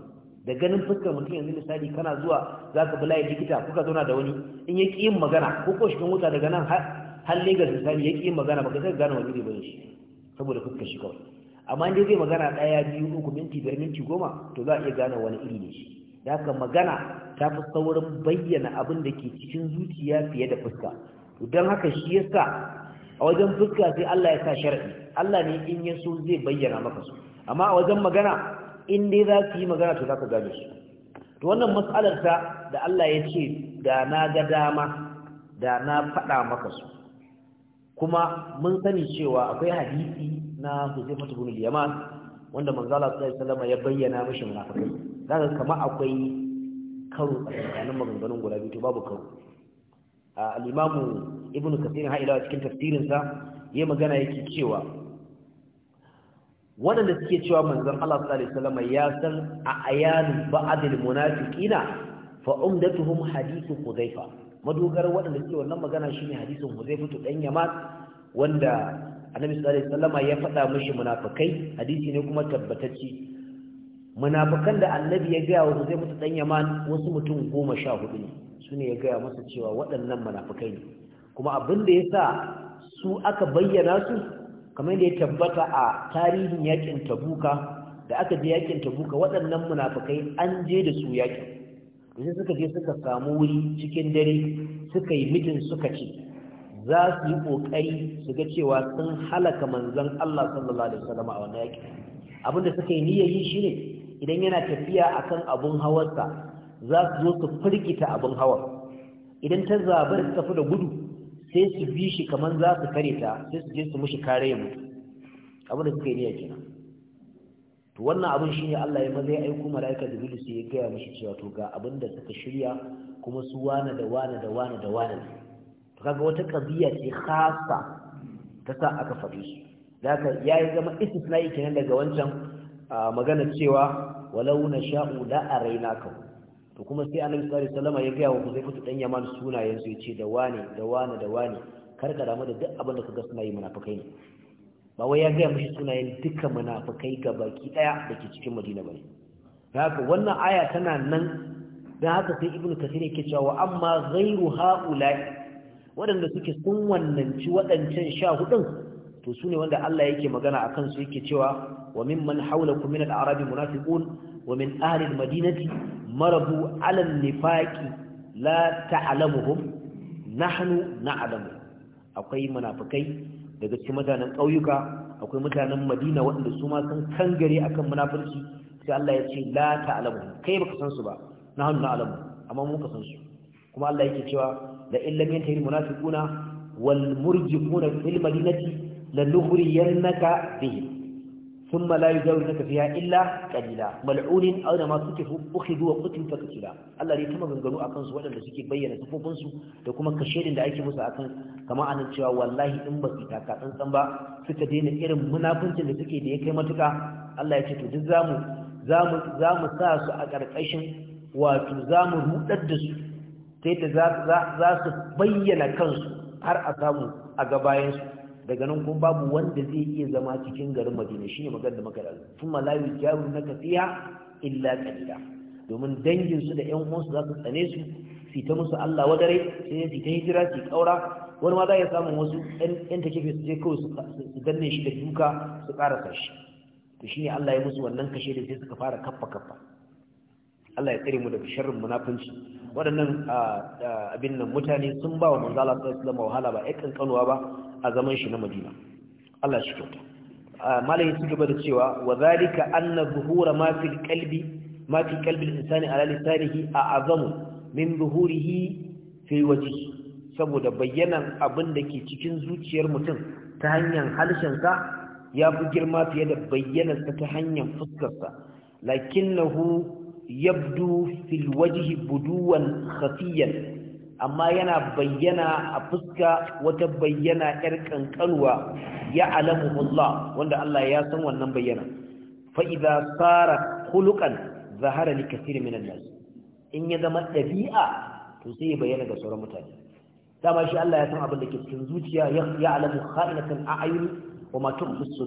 Speaker 1: da ganin fuskar mutum yanzu misali kana zuwa za ka bulaye likita kuka zauna da wani in ya ƙi yin magana ko ko shigan wuta daga nan har legas misali ya ƙi yin magana baka sai gane wani ne shi saboda fuskar shi kawai amma in dai zai magana ɗaya biyu uku minti biyar minti goma to za a iya gane wani iri ne shi da haka magana ta fi saurin bayyana abin da ke cikin zuciya fiye da fuska to don haka shi ya sa a wajen fuska sai Allah ya sa sharadi Allah ne in ya so zai bayyana maka su amma a wajen magana in dai za su yi magana to za ka gane su to wannan matsalar ta da Allah ya ce da na ga dama da na faɗa maka su kuma mun sani cewa akwai hadisi na Huzaifatu bin Yaman wanda manzo Allah sallallahu alaihi ya bayyana mishi munafiki kaga kamar akwai karo tsakanin maganganun guda biyu to babu karo al-Imam Ibn Kathir ha ila cikin tafsirinsa yayi magana yake cewa waɗanda suke cewa manzon Allah sallallahu alaihi wasallam ya san a ayanu ba'dil munafiqina fa umdatuhum hadithu Hudhaifa madogar waɗanda suke wannan magana shine hadisin Hudhaifa to dan Yaman wanda Annabi sallallahu alaihi wasallam ya faɗa mishi munafikai hadisi ne kuma tabbatacci munafikan da Annabi ya ga wa Hudhaifa to dan Yaman wasu mutum 14 ne sune ya ga masa cewa waɗannan munafikai ne kuma abin da yasa su aka bayyana su kamar da ya tabbata a tarihin yakin tabuka da aka je yakin tabuka waɗannan munafukai an je da su yakin sai suka je suka samu wuri cikin dare suka yi mijin suka ce za su yi ƙoƙari su ga cewa sun halaka manzon Allah sallallahu wasallam a wannan yakin abinda suka yi niyyar yi shine idan yana tafiya akan abun hawarsa za su zo su firgita abun hawa idan ta zaɓar ta tafi da gudu sai su bi shi kamar za su kare ta sai su je su mushi kare mu mutu abin da suka yi niyya kenan to wannan abin ne Allah ya maza ya aiko malaika da sai ya gaya mushi cewa to ga abin da suka shirya kuma su wane da wane da wane da wane to kaga wata kabiya ce khasa ta sa aka faɗi su zaka yayi zama istisna'i kenan daga wancan ah, magana cewa walau nasha'u la arainaka to kuma sai annabi sallallahu alaihi wasallam ya gaya wa Huzaifa dan Yaman sunayen su yace da wane da wane da wane kar ka damu da duk abin da kaga suna yi munafikai ne ba wai ya gaya mishi sunayen duka munafikai ga baki daya dake cikin Madina bane haka wannan aya tana nan dan haka sai Ibn kasir yake cewa amma ghayru haula waɗanda suke sun ci waɗancan sha hudun to su wanda Allah yake magana akan su yake cewa wa mimman haulakum min al-arabi munafiqun wa min ahlil madinati marabu ala nifaqi la ta'lamuhum nahnu na'lamu akwai munafikai daga cikin mutanen ƙauyuka akwai mutanen Madina waɗanda su ma sun kangare akan munafurci sai Allah ya ce la ta'lamuhum kai baka san su ba nahnu na'lamu amma mun ka san su kuma Allah yake cewa la in lam yantahi almunafiquna wal murjiquna fil madinati lanughriyanaka bihim ثم لا يجاورنك فيها إلا قليلا ملعون أو ما تكفوا أخذوا وقتلوا فكتلا الله لي كما بنغنو أكن سوالا لسكي بيّن سفوفن سو لكما كشيرين لأيك موسى أكن كما أن تشوى والله إن بسيطا كاتن سنبا ستدين إرم منافنت لسكي دي كمتك الله يتتو جزامو زامو زامو ساسو أكاركشن واتو زامو مؤددس تيت ذات ذات ذات بيّن كنسو har a samu a gabayensu daga nan kuma babu wanda zai iya zama cikin garin madina shine magana da muka dazu kuma la yujaru naka fiha illa qalila domin dangin su da ƴan uwansu za su tsane su su ta musu Allah wadare sai su ta hijira su kaura wani ma za ya samu wasu ƴan take su je kawai su danne shi da duka su ƙara shi to shine Allah ya musu wannan kashe da sai suka fara kaffa kaffa Allah ya tsare mu daga sharrin munafunci waɗannan ah, ah, abin nan mutane sun ba wa manzo Allah sallallahu alaihi wasallam wahala ba ai kankanuwa ba a zaman shi na madina Allah shi kyauta malam ya gaba da cewa wa zalika anna zuhura ma fil qalbi ma fi qalbi al-insani ala lisanihi a'zamu min zuhurihi fi wajhihi saboda bayyanan abin da ke cikin zuciyar mutum ta hanyar harshensa ya fi girma fiye da bayyanarsa ta hanyar fuskarsa lakinnahu yabdu fil wajhi buduwan khafiyan amma yana bayyana a fuska wata bayyana yar ƙanƙanwa, ya alamuhullah wanda Allah ya san wannan bayyana Fa'iza tsara, sara zahra, zahara li kathir min in ya zama ɗabi'a, to sai ya bayyana ga sauran mutane dama shi Allah ya san abin da ke cikin zuciya ya alamu kha'inatan a'yun wa ma tukhfi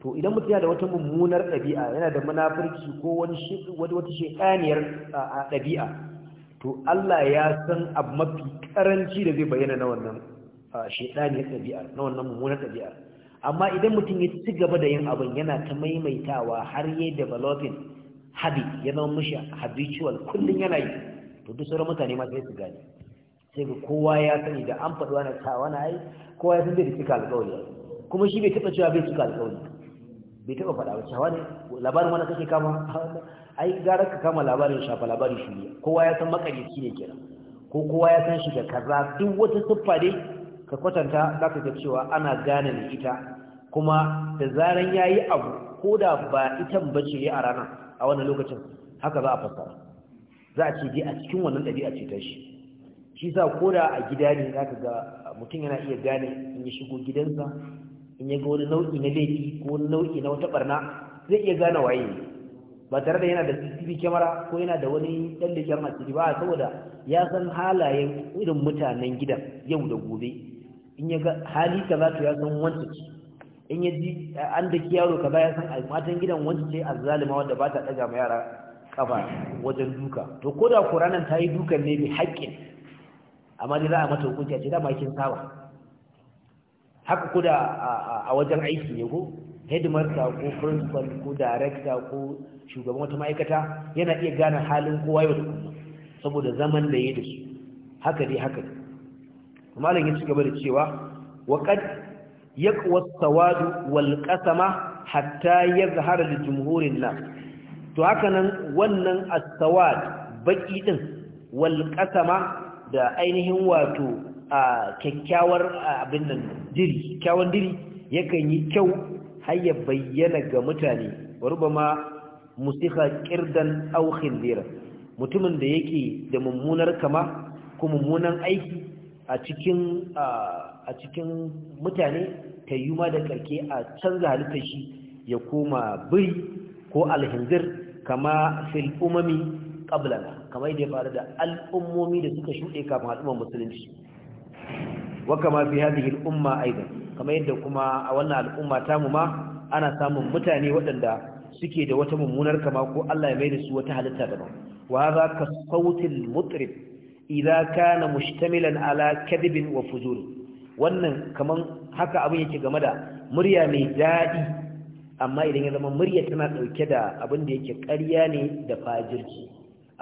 Speaker 1: to idan mutum yana da wata mummunar ɗabi'a yana da munafurci ko wani wata shekaniyar ɗabi'a to Allah ya san abu mafi karanci da zai bayyana na wannan shaidani ɗabi'a na wannan mummunan ɗabi'a amma idan mutum ya ci gaba da yin abin yana ta maimaitawa har yi developing habit ya zama mishi habitual kullum yana yi to duk sauran mutane ma sai su gane sai ga kowa ya sani da an faɗi wani ta wani ai kowa ya san zai cika alƙawari kuma shi bai taɓa cewa bai cika alƙawari bai taɓa faɗa ba cewa ne labarin wani kake kama [laughs] ai gara ka kama labarin shafa labarin shi ne kowa ya san makarici ne kenan ko kowa ya san shi da kaza duk wata siffa dai ka kwatanta za ka ga cewa ana gane likita. ita kuma da zaran ya yi abu ko da ba ita bace ya a rana a wannan lokacin haka za a fassara za a ce dai a cikin wannan ɗabi'a ce ta shi shi sa ko da a gida ne za ka ga mutum yana iya gane in ya shigo gidansa in ya ga wani nau'i na laifi ko wani nau'i na wata barna zai iya gane waye ne ba tare da yana da CCTV camera ko yana da wani dan liƙen ba saboda ya san halayen irin mutanen gidan yau da gobe in ya ga hali kaza ya san wanda ce in ya ji an da yaro kaza ya san matan gidan wanda ce azzalima wanda ba ta daga ma yara kafa wajen duka to ko da Qur'anin ta yi dukan ne bi haƙƙin amma dai za a mata hukunci a ce dama kin saba haka ko da a wajen aiki ne ko ta ko principal ko director ko shugaban wata ma'aikata yana iya gane halin kowa yau da kuma saboda zaman da ya da su haka dai haka malam ya ci gaba da cewa wa qad yaqwa as-sawad wal qasama hatta yazhar li jumhurin nas to haka nan wannan as-sawad baki din wal qasama da ainihin wato a kyakkyawar abin nan diri kyawun diri yakan yi kyau har bayyana ga mutane ma musikha kirdan aw khindira mutumin da yake da mummunar kama ko mummunan aiki a cikin mutane ta mutane tayyuma da karke a canza halittar shi ya koma biri ko alhindir kama fil umami qablana Kama yadda ya faru da al'ummomi da suka shuɗe kafin al'ummar musulunci wa kama fi hadhihi umma aidan kamar yadda kuma a wannan al'umma tamu ma ana samun mutane waɗanda suke da wata mummunar kama ko Allah ya mai da su wata halitta daban wa za ka sautil mutrib idza kana mushtamilan ala kadhibin wa fujur wannan kaman haka abin yake game da murya mai dadi amma idan ya zama murya tana dauke da abin da yake ƙarya ne da fajirci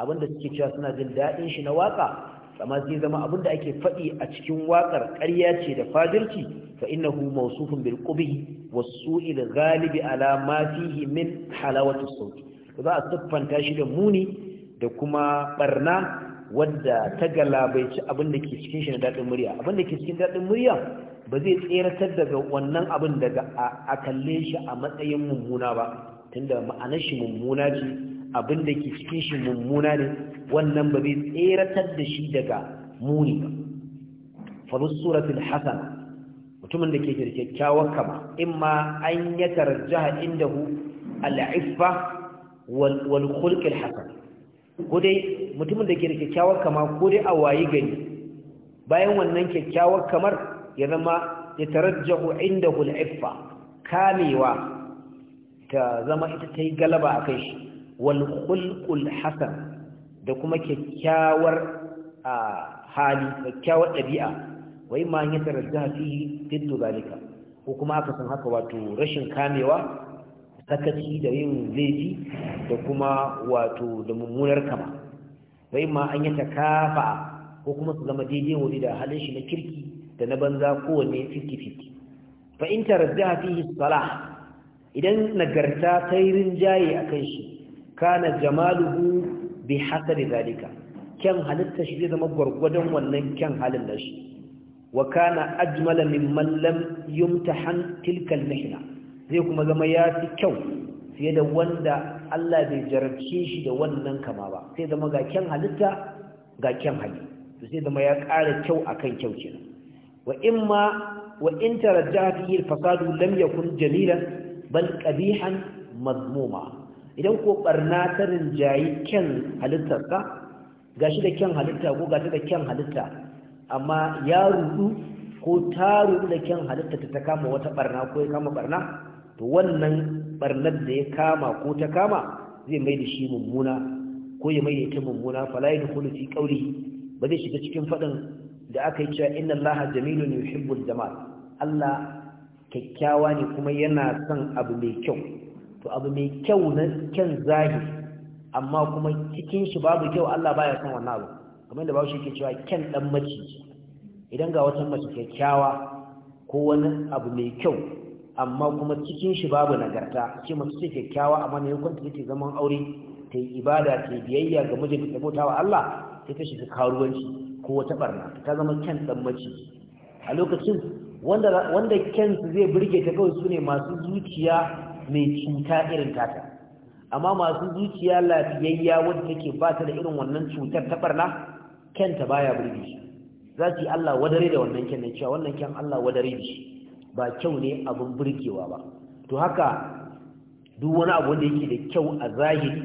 Speaker 1: abin da suke cewa suna jin dadin shi na waka amma sai zama da ake faɗi a cikin waƙar ƙarya ce da fadirci fa innahu mawsufun bil qubi was su'il ghalibi ala ma fihi min halawati sawt za a siffanta shi da muni da kuma barna wanda ta galabaici da ke cikin shi na dadin murya da ke cikin dadin murya ba zai tseratar daga wannan abin daga a kalle shi a matsayin mummuna ba tunda ma'anar shi mummuna ce abin da ke cikin shi mummuna ne wannan ba zai tseratar da shi daga muni ba falus suratul hasana mutumin da ke da kyakkyawar kama imma an ya tarjaha inda al'iffa wal wal khulq al hasan ko mutumin da ke da kyakkyawar kama ko a waye gari bayan wannan kyakkyawar kamar ya zama ya inda indahu al'iffa kamewa ta zama ita ta yi galaba a kai shi Walƙulƙul khulqul hasan da kuma kyakkyawar hali kyakkyawar ɗabi'a wai ma an yatarajja fi tiddu zalika ko kuma aka san haka wato rashin kamewa sakaci da yin laifi da kuma wato da mummunar kama wai ma an yi ta kafa ko kuma su zama daidai wani da halin shi na kirki da na banza kowanne 50-50 fa in tarajja salah idan nagarta ta yi rinjaye a kan shi kana jamaluhu bi hasabi zalika kyan halitta shi zai zama gwargwadon wannan kyan halin da shi wa kana ajmala mimman lam yumtahan tilka al-mihna zai kuma zama ya fi kyau fiye da wanda Allah bai jarabce shi da wannan kama ba sai zama ga kyan halitta ga kyan hali to sai zama ya ƙara kyau akan kyau kenan wa imma wa in tarajjaha fihi al-fasadu lam yakun jamilan bal qabihan mazmuma idan ko barna ta rinjayi kyan halittarsa ga shi da kyan halitta ko ga shi da kyan halitta amma ya rudu ko ta rudu da kyan halitta ta kama wata barna ko ya kama barna to wannan barnar da ya kama ko ta kama zai mai da shi mummuna ko ya mai da ita mummuna fala da dukulu fi kauri ba zai shiga cikin faɗin da aka yi cewa inna Allah jamilun yuhibbul jamal Allah kyakkyawa ne kuma yana son abu mai kyau to abu mai kyau na kyan zagi amma kuma cikin shi babu kyau Allah baya son wannan abu kamar da babu shi ke cewa kyan dan maciji idan ga wata mace kyakkyawa ko wani abu mai kyau amma kuma cikin shi babu nagarta ce mace ce kyakkyawa amma ne hukunta take zaman aure ta yi ibada ta yi biyayya ga mijinta ta bauta wa Allah sai ta shiga karuwanci ko wata barna ta zama kyan dan maciji a lokacin wanda wanda kyansu zai burge ta kawai sune masu zuciya mai cuta irin tata amma masu zuciya lafiyayya wadda take ba ta da irin wannan cutar ta barna kenta baya burge shi za su yi Allah wadare da wannan kyan cewa wannan kyan Allah wadare shi ba kyau ne abin burgewa ba to haka duk wani abu da yake da kyau a zahiri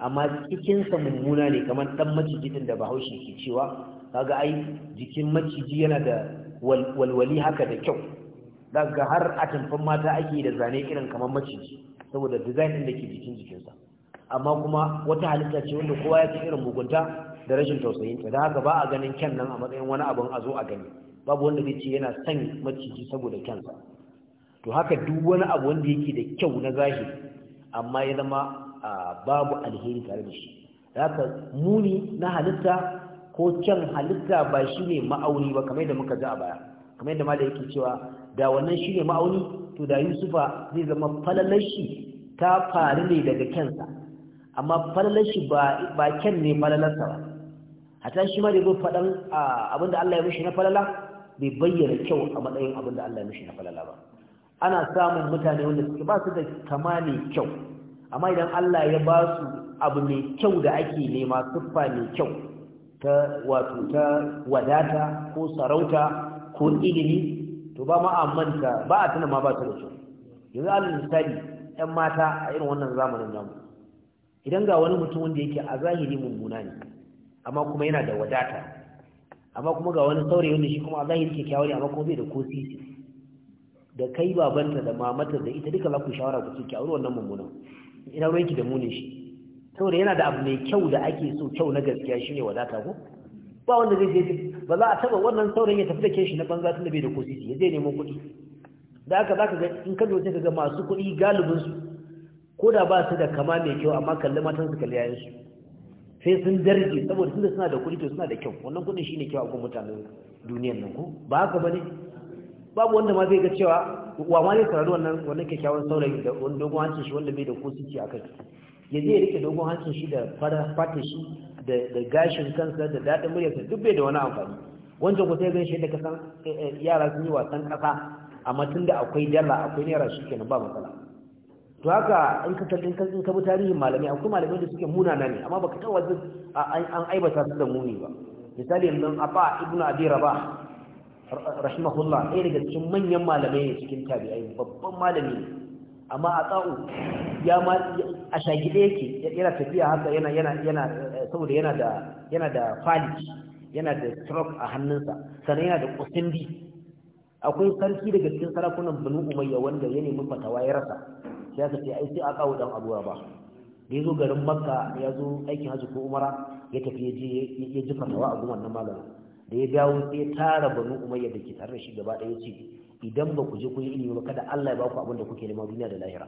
Speaker 1: amma cikinsa mummuna ne kamar dan maciji da bahaushe ke cewa kaga ai jikin maciji yana da walwali haka da kyau daga har a atamfan mata ake da zane irin kamar maciji saboda design ɗin da ke jikin jikinsa amma kuma wata halitta ce wanda kowa ya ci irin mugunta da rashin tausayinta da haka ba a ganin kyan nan a matsayin wani abin a zo a gani babu wanda zai ce yana son maciji saboda kyansa to haka duk wani abu wanda yake da kyau na zahiri amma ya zama babu alheri tare da shi da haka muni na halitta ko kyan halitta ba shi ne ma'auni ba kamar yadda muka ji a baya kamar yadda malai yake cewa da wannan shi ne ma'auni to da yusufa zai zama falalar shi ta faru ne daga kyansa amma falalar shi ba kyan ne falalarsa ba hata shi ma da zo faɗan abinda Allah ya mishi na falala bai bayyana kyau a matsayin abinda Allah ya mishi na falala ba ana samun mutane wanda suke ba su da kama ne kyau amma idan Allah ya ba su abu mai kyau da ake nema siffa mai kyau wato ta wadata ko sarauta ko ilimi to ba ma amanta ba a tuna ma ba su da su yanzu alal misali ƴan mata a irin wannan zamanin namu idan ga wani mutum wanda yake a zahiri mummuna ne amma kuma yana da wadata amma kuma ga wani saurayi wanda shi kuma a zahiri kyakkyawa ne amma kuma bai da ko sisi da kai babanta da mamata da ita duka za ku shawara ku a wurin wannan mummuna ina ruwanki da munin shi saboda yana da abu mai kyau da ake so kyau na gaskiya shine wadata ko ba wanda zai je ba za a taba wannan saurayin ya tafi da keshi na banza tun da bai da kosisi ya zai nemo kuɗi da aka ka ga in ka dote ka ga masu kuɗi galibin su ko da ba su da kama mai kyau amma kalli matan su kalli yayin su sai sun darje saboda da suna da kuɗi to suna da kyau wannan kuɗin shine kyau a kan mutanen duniyar nan ko ba haka ne? babu wanda ma zai ga cewa wa ma ne saurari wannan wannan kyakkyawan saurayi da wani dogon hancin shi wanda bai da kosisi a kai ya zai rike dogon hancin shi da fara fata shi da gashin kansa da daɗin muryarsa duk bai da wani amfani wancan ku sai ganshi da kasan eh, eh, yara sun yi wasan ƙasa amma tun da akwai dala akwai naira shi ba matsala to haka in ka kalli in ka bi tarihin malami akwai malamai da suke munana ne amma baka taɓa jin an aibata su da muni ba misali yanzu afa ibnu abi rabah rahimahullah ɗaya daga cikin manyan malamai ne cikin tabi'ai babban malami ne amma a tsa'u ya ma a shagide yake yana tafiya haka yana yana yana saboda yana da yana da fali yana da stroke a hannunsa sannan yana da kusindi akwai sarki daga cikin sarakunan banu umayya wanda ya nemi fatawa ya rasa sai aka ce ai sai a kawo dan abuwa ba da ya zo garin makka ya zo aikin hajji ko umara ya tafi ya je ya ji fatawa a gun nan malamin da ya dawo sai tara banu umayya da ke tare da shi gaba ɗaya ce idan ba ku je ku yi ilimi ba kada Allah ya ba ku abin da kuke nema duniya da lahira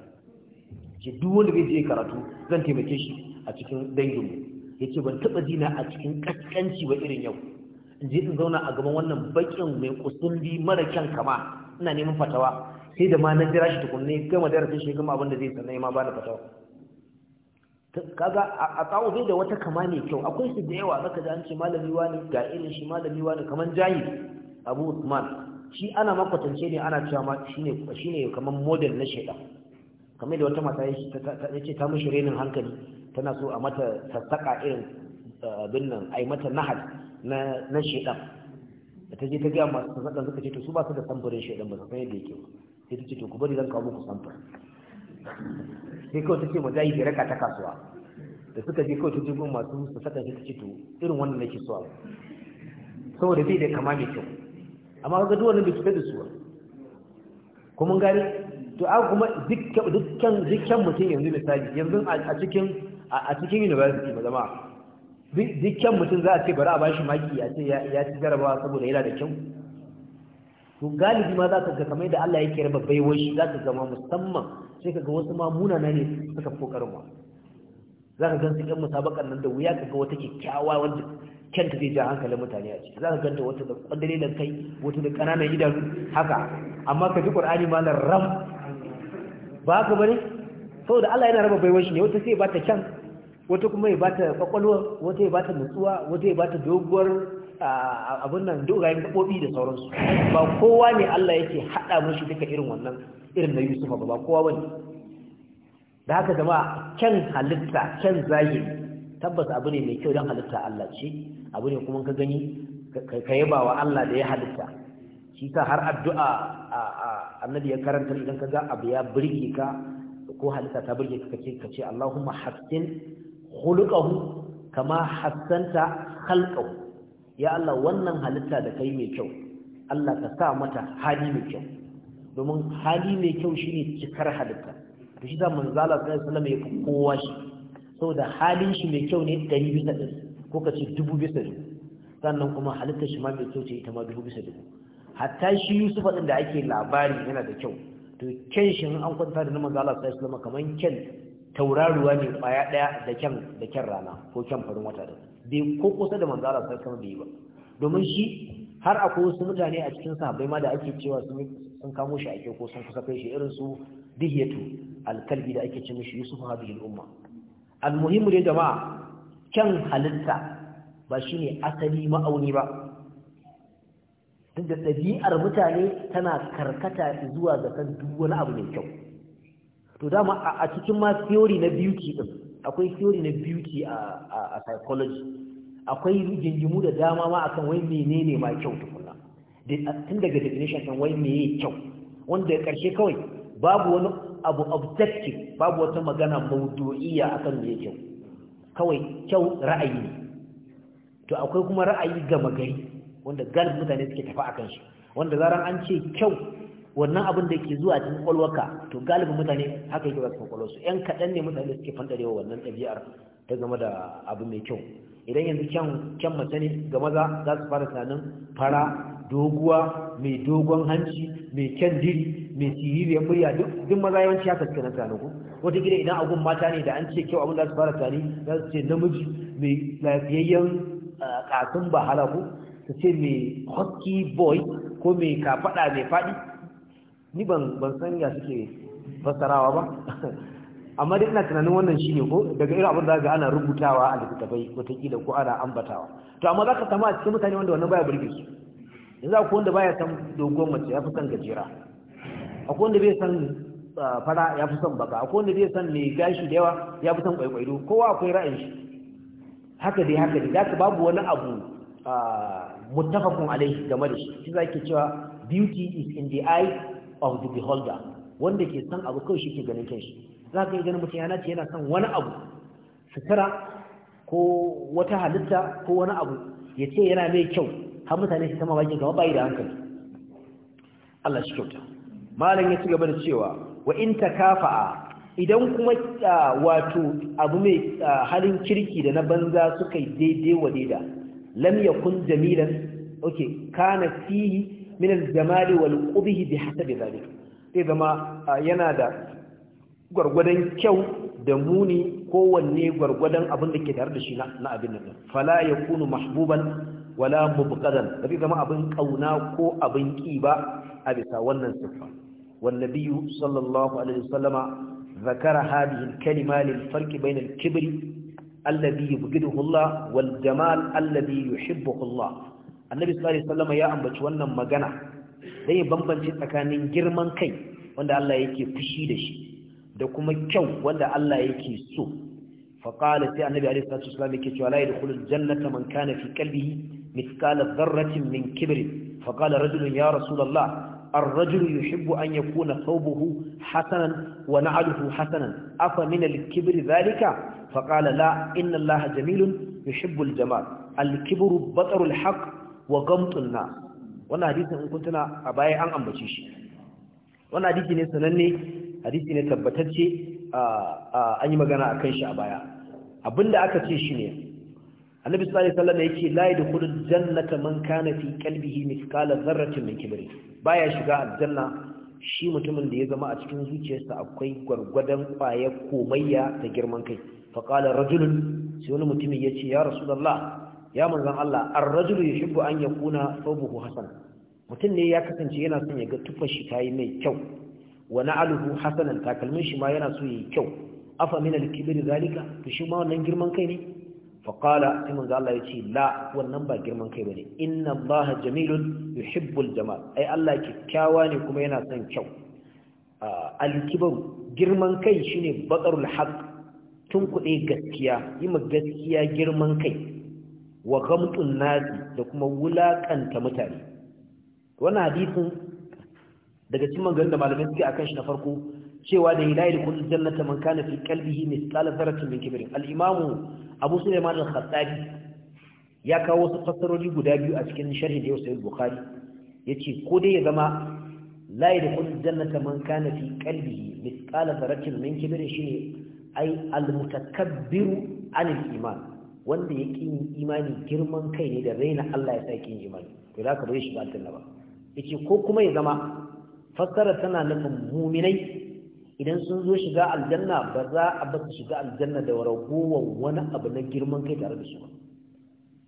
Speaker 1: ki duk wanda bai je karatu zan taimake shi a cikin danginmu ya ce ban taɓa dina a cikin ƙasƙanci ba irin yau in je in zauna a gaban wannan baƙin mai kusurbi mara kyan kama ina neman fatawa sai da ma na jira shi tukunne gama darasin shi gama abin da zai sanai ma ba da fatawa kaga a tsawo bai da wata kama mai kyau akwai su da yawa zaka ji an ce malami wani ga irin shi malami wani kaman jahil abu usman shi ana makwatance ne ana cewa ma shine shine kaman model na shaidan kamar da wata mata ya ce ta mishi renin hankali tana so a mata sassaƙa irin eh, abin nan ai mata nahal na na shedan da ta je ta ga masu sassakan suka ce to su ba su da samfurin shedan ba su san yadda yake ba sai ta ce to ku bari zan kawo muku samfur sai kawai ta ce mu jayi raka ta kasuwa da suka je kawai ta je masu sassakan sai suka ce to irin wannan nake so a saboda bai da kama mai kyau amma ga duk wannan bai fita da su ba kuma gari to a kuma dukkan dukkan mutum yanzu misali yanzu a cikin a cikin university ba zama dukkan mutum za a ce bari a bashi maki a ce ya ci jarabawa saboda yana da kyau to galibi ma za ka ga kamar da Allah yake raba baiwar shi za ka zama musamman sai ka ga wasu ma na ne suka fi ƙoƙarin ma za ka gan su ƴan musabakan nan da wuya ka ga wata kyakkyawa wanda kyanta zai ja hankalin mutane a ciki za ka ganta wata da da kai wata da ƙananan idan haka amma ka ji ƙur'ani ma na ram ba ka bari saboda Allah yana raba baiwar shi ne wata sai ba ta kyan wata kuma ya bata kwakwalwa wata ya bata nutsuwa wata ya bata doguwar abin nan dogayen gaɓoɓi da sauransu ba kowa ne Allah yake haɗa mashi duka irin wannan irin na Yusufa ba ba kowa wani da haka zama kyan halitta kyan zahiri tabbas abu ne mai kyau don halitta Allah ce abu ne kuma ka gani ka yaba wa Allah da ya halitta shi ka har addu'a annabi ya karanta idan ka ga abu ya burge ka ko halitta ta burge ka kace Allahumma hassin khuluqahu kama hassanta khalqahu ya Allah wannan halitta da kai mai kyau Allah ka sa mata hali mai kyau domin hali mai kyau shine cikar halitta to shi da manzo Allah sallallahu alaihi wasallam ya kowa shi saboda halin shi mai kyau ne 100 bisa 100 ko ka ce 1000 bisa 100 sannan kuma halitta shi ma mai kyau ce ita ma dubu bisa 100 hatta shi Yusuf din da ake labari yana da kyau to kyan shi an kwanta da manzo Allah sallallahu alaihi wasallam kaman kyan tauraruwa ne kwaya ɗaya da kyan da kyan rana ko kyan farin wata da bai ko kusa da manzo Allah kama yi ba domin shi har akwai wasu mutane a cikin sahabbai ma da ake cewa sun sun kamo shi ake ko sun kusa kai shi irin su dihiyatu alkalbi da ake ce mishi yusuf hadhihi umma almuhim dai jama'a kyan halitta ba shine asali ma'auni ba duk da ɗabi'ar mutane tana karkata zuwa ga kan duk wani abu mai kyau to dama a cikin ma theory na beauty din akwai theory na beauty a a psychology akwai rigingimu da dama ma akan wai menene ma kyau tukunna tun daga definition kan wai meye kyau wanda ya karshe kawai babu wani abu objective babu wata magana mawdu'iyya akan meye kyau kawai kyau ra'ayi ne to akwai kuma ra'ayi gama gari wanda galib mutane suke tafi akan shi wanda zaran an ce kyau wannan abin da ke zuwa cikin kwalwarka to galibin mutane haka yake zuwa cikin kwalwarsu yan kaɗan ne mutane suke fantarewa wannan ɗabi'ar ta game da abu mai kyau idan yanzu kyan kyan mace ne ga maza za su fara tunanin fara doguwa mai dogon hanci mai kyan diri mai siririyar murya duk maza yawanci haka suke nan tunanin ku wataƙila idan agun mata ne da an ce kyau abin da su fara tunani za su ce namiji mai lafiyayyen ƙasun ba ku, su ce mai hockey boy ko mai kafaɗa mai faɗi ni ban ban san ya suke fassarawa ba amma duk ina tunanin wannan shine ko daga irin abin da ga ana rubutawa a littattafai wataƙila ko ana ambatawa to amma za ka samu a cikin mutane wanda wannan baya burge su yanzu akwai wanda baya san dogon mace ya fi san gajera akwai wanda bai san ah, fara ya fi san baka akwai wanda bai san mai gashi da yawa ya fi san kwaikwaido kowa akwai ra'ayin shi haka dai haka dai zaka babu wani abu ah, muttafaqun alaihi game da shi shi zaki cewa beauty is in the eye of the beholder wanda ke san abu kawai shi ke ganin kanshi za ka yi ganin mutum yana ce yana son wani abu sutura ko wata halitta ko wani abu ya ce yana mai kyau har mutane su sama bakin gaba bayi da hankali Allah shi kyauta malam ya ci gaba da cewa wa in takafa'a idan kuma wato abu mai halin kirki da na banza suka yi daidai wa daida lam yakun jamilan okay kana fihi min al-jamali wal qubhi bi hasabi zalik sai zama yana da gwargwadon kyau da muni kowanne gwargwadon abin da ke tare da shi na abin nan fala ya mahbuban wala mubqadan da zama abin kauna ko abin ƙiba a bisa wannan siffa wan nabiyyu sallallahu alaihi wasallama zakara hadhihi al-kalima lil farki bain al-kibri alladhi yubghiduhu Allah wal jamal alladhi yuhibbuhu Allah annabi sallallahu alaihi wasallam ya ambaci wannan magana dan ya bambance tsakanin girman kai wanda Allah yake fushi da shi da kuma kyau wanda Allah yake so fa sai annabi alaihi salatu wasallam yake cewa la yadkhulul jannata man kana fi qalbihi mithqala dharratin min kibrin fa qala rajulun ya rasulullah الرجل يحب أن يكون ثوبه حسنا ونعله حسنا أفمن الكبر ذلك فقال لا إن الله جميل يحب الجمال الكبر بطر الحق wa gamtunna na wannan hadisin in kun tuna a baya an ambace shi wannan hadisi ne sananne hadisi ne tabbatacce an yi magana a kan shi a baya abinda aka ce shi ne annabi sallallahu alaihi wasallam yake la yadkhulu jannata man kana fi qalbihi mithqala dharratin min kibri baya shiga aljanna shi mutumin da ya zama a cikin zuciyarsa akwai gwargwadon kwaye komayya da girman kai faqala rajulun sai wani mutumin yace ya rasulullah ya manzan Allah ar-rajulu yuhibbu an yakuna thawbuhu hasan mutum ne ya kasance yana son ya ga tufar shi tayi mai kyau wa na'aluhu hasanan takalmin shi ma yana so yayi kyau afa min al-kibr zalika to shi ma wannan girman kai ne fa qala sai manzan Allah yace la wannan ba girman kai bane inna Allah jamilun yuhibbul jamal ai Allah kikkiawa ne kuma yana son kyau ah, al-kibr girman kai shine batarul haqq tun kuɗe gaskiya yi ma gaskiya girman kai wa gamtun nasi da kuma wulaƙanta mutane Wani hadisin daga cikin maganganun da malamai suke a kanshi na farko cewa da ilahi kullu jannata man kana fi qalbihi mithqala dharratin min kibrin al-imam Abu Sulaiman da khattabi ya kawo wasu fassarori guda biyu a cikin sharhi da Sahih Bukhari ce ko dai ya zama layi la yadkhulul jannata man kana fi qalbihi mithqala dharratin min kibrin shine ai al-mutakabbiru anil iman wanda ya ƙin imani girman kai ne da raina Allah ya sa ƙin imani to za ka bai shi ba aljanna ba yace ko kuma ya zama fassara tana nufin muminai idan sun zo shiga aljanna ba za a ba su shiga aljanna da ragowar wani abu na girman kai tare da su ba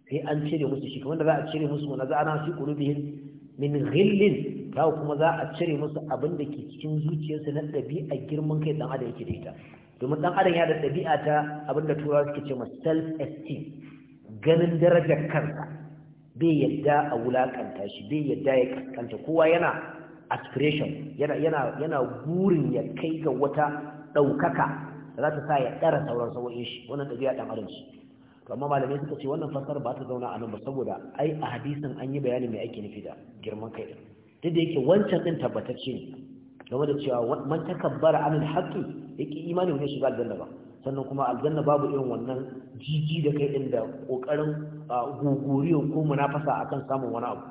Speaker 1: sai an cire musu shi kamar da za a cire musu wani za a fi qulubihim min ghillin ta kuma za a cire musu abin da ke cikin zuciyarsa na ɗabi'a girman kai dan adam yake da ita domin ɗan adam ya da ɗabi'a ta abin da turawa suke ce ma self esteem ganin darajar kansa bai yadda a wulaƙanta shi bai yadda ya kaskanta kowa yana aspiration yana yana yana burin ya kai ga wata ɗaukaka da za ta sa ya ɗara sauran sauran shi wannan ɗabi'a ɗan adam shi to amma malamai suka ce wannan fasar ba ta zauna a nan ba saboda ai a hadisin an yi bayani mai ake nufi da girman kai din duk da yake wancan ɗin tabbatacce ne game da cewa man takabbara an alhaqi yake imanin ne shiga aljanna ba sannan kuma aljanna babu irin wannan jiji da kai din da kokarin guguriyo ko munafasa akan samun wani abu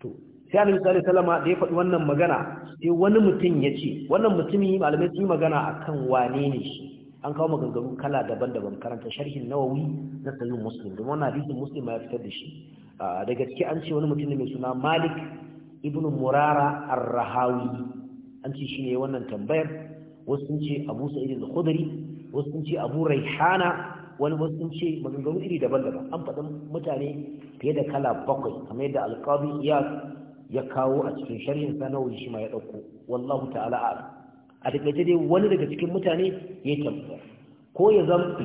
Speaker 1: to sai annabi sallallahu alaihi wasallam da ya faɗi wannan magana sai wani mutum ya ce wannan mutumi malamai sun magana akan wane ne shi an kawo maganganu kala daban-daban karanta sharhin nawawi na sahih muslim domin wannan hadisin muslim ya fitar da shi daga ciki an ce wani mutum ne mai suna malik ibn murara ar-rahawi an ce shi ne wannan tambayar wasu sun ce abu sa'id al-khudri wasu sun ce abu raihana wani wasu sun ce maganganu iri daban-daban an faɗi mutane fiye da kala bakwai kamar yadda alƙabi iyas ya kawo a cikin sharhin sanawar shi ma ya ɗauko wallahu ta'ala a a takaice dai wani daga cikin mutane ya tambaya ko ya zama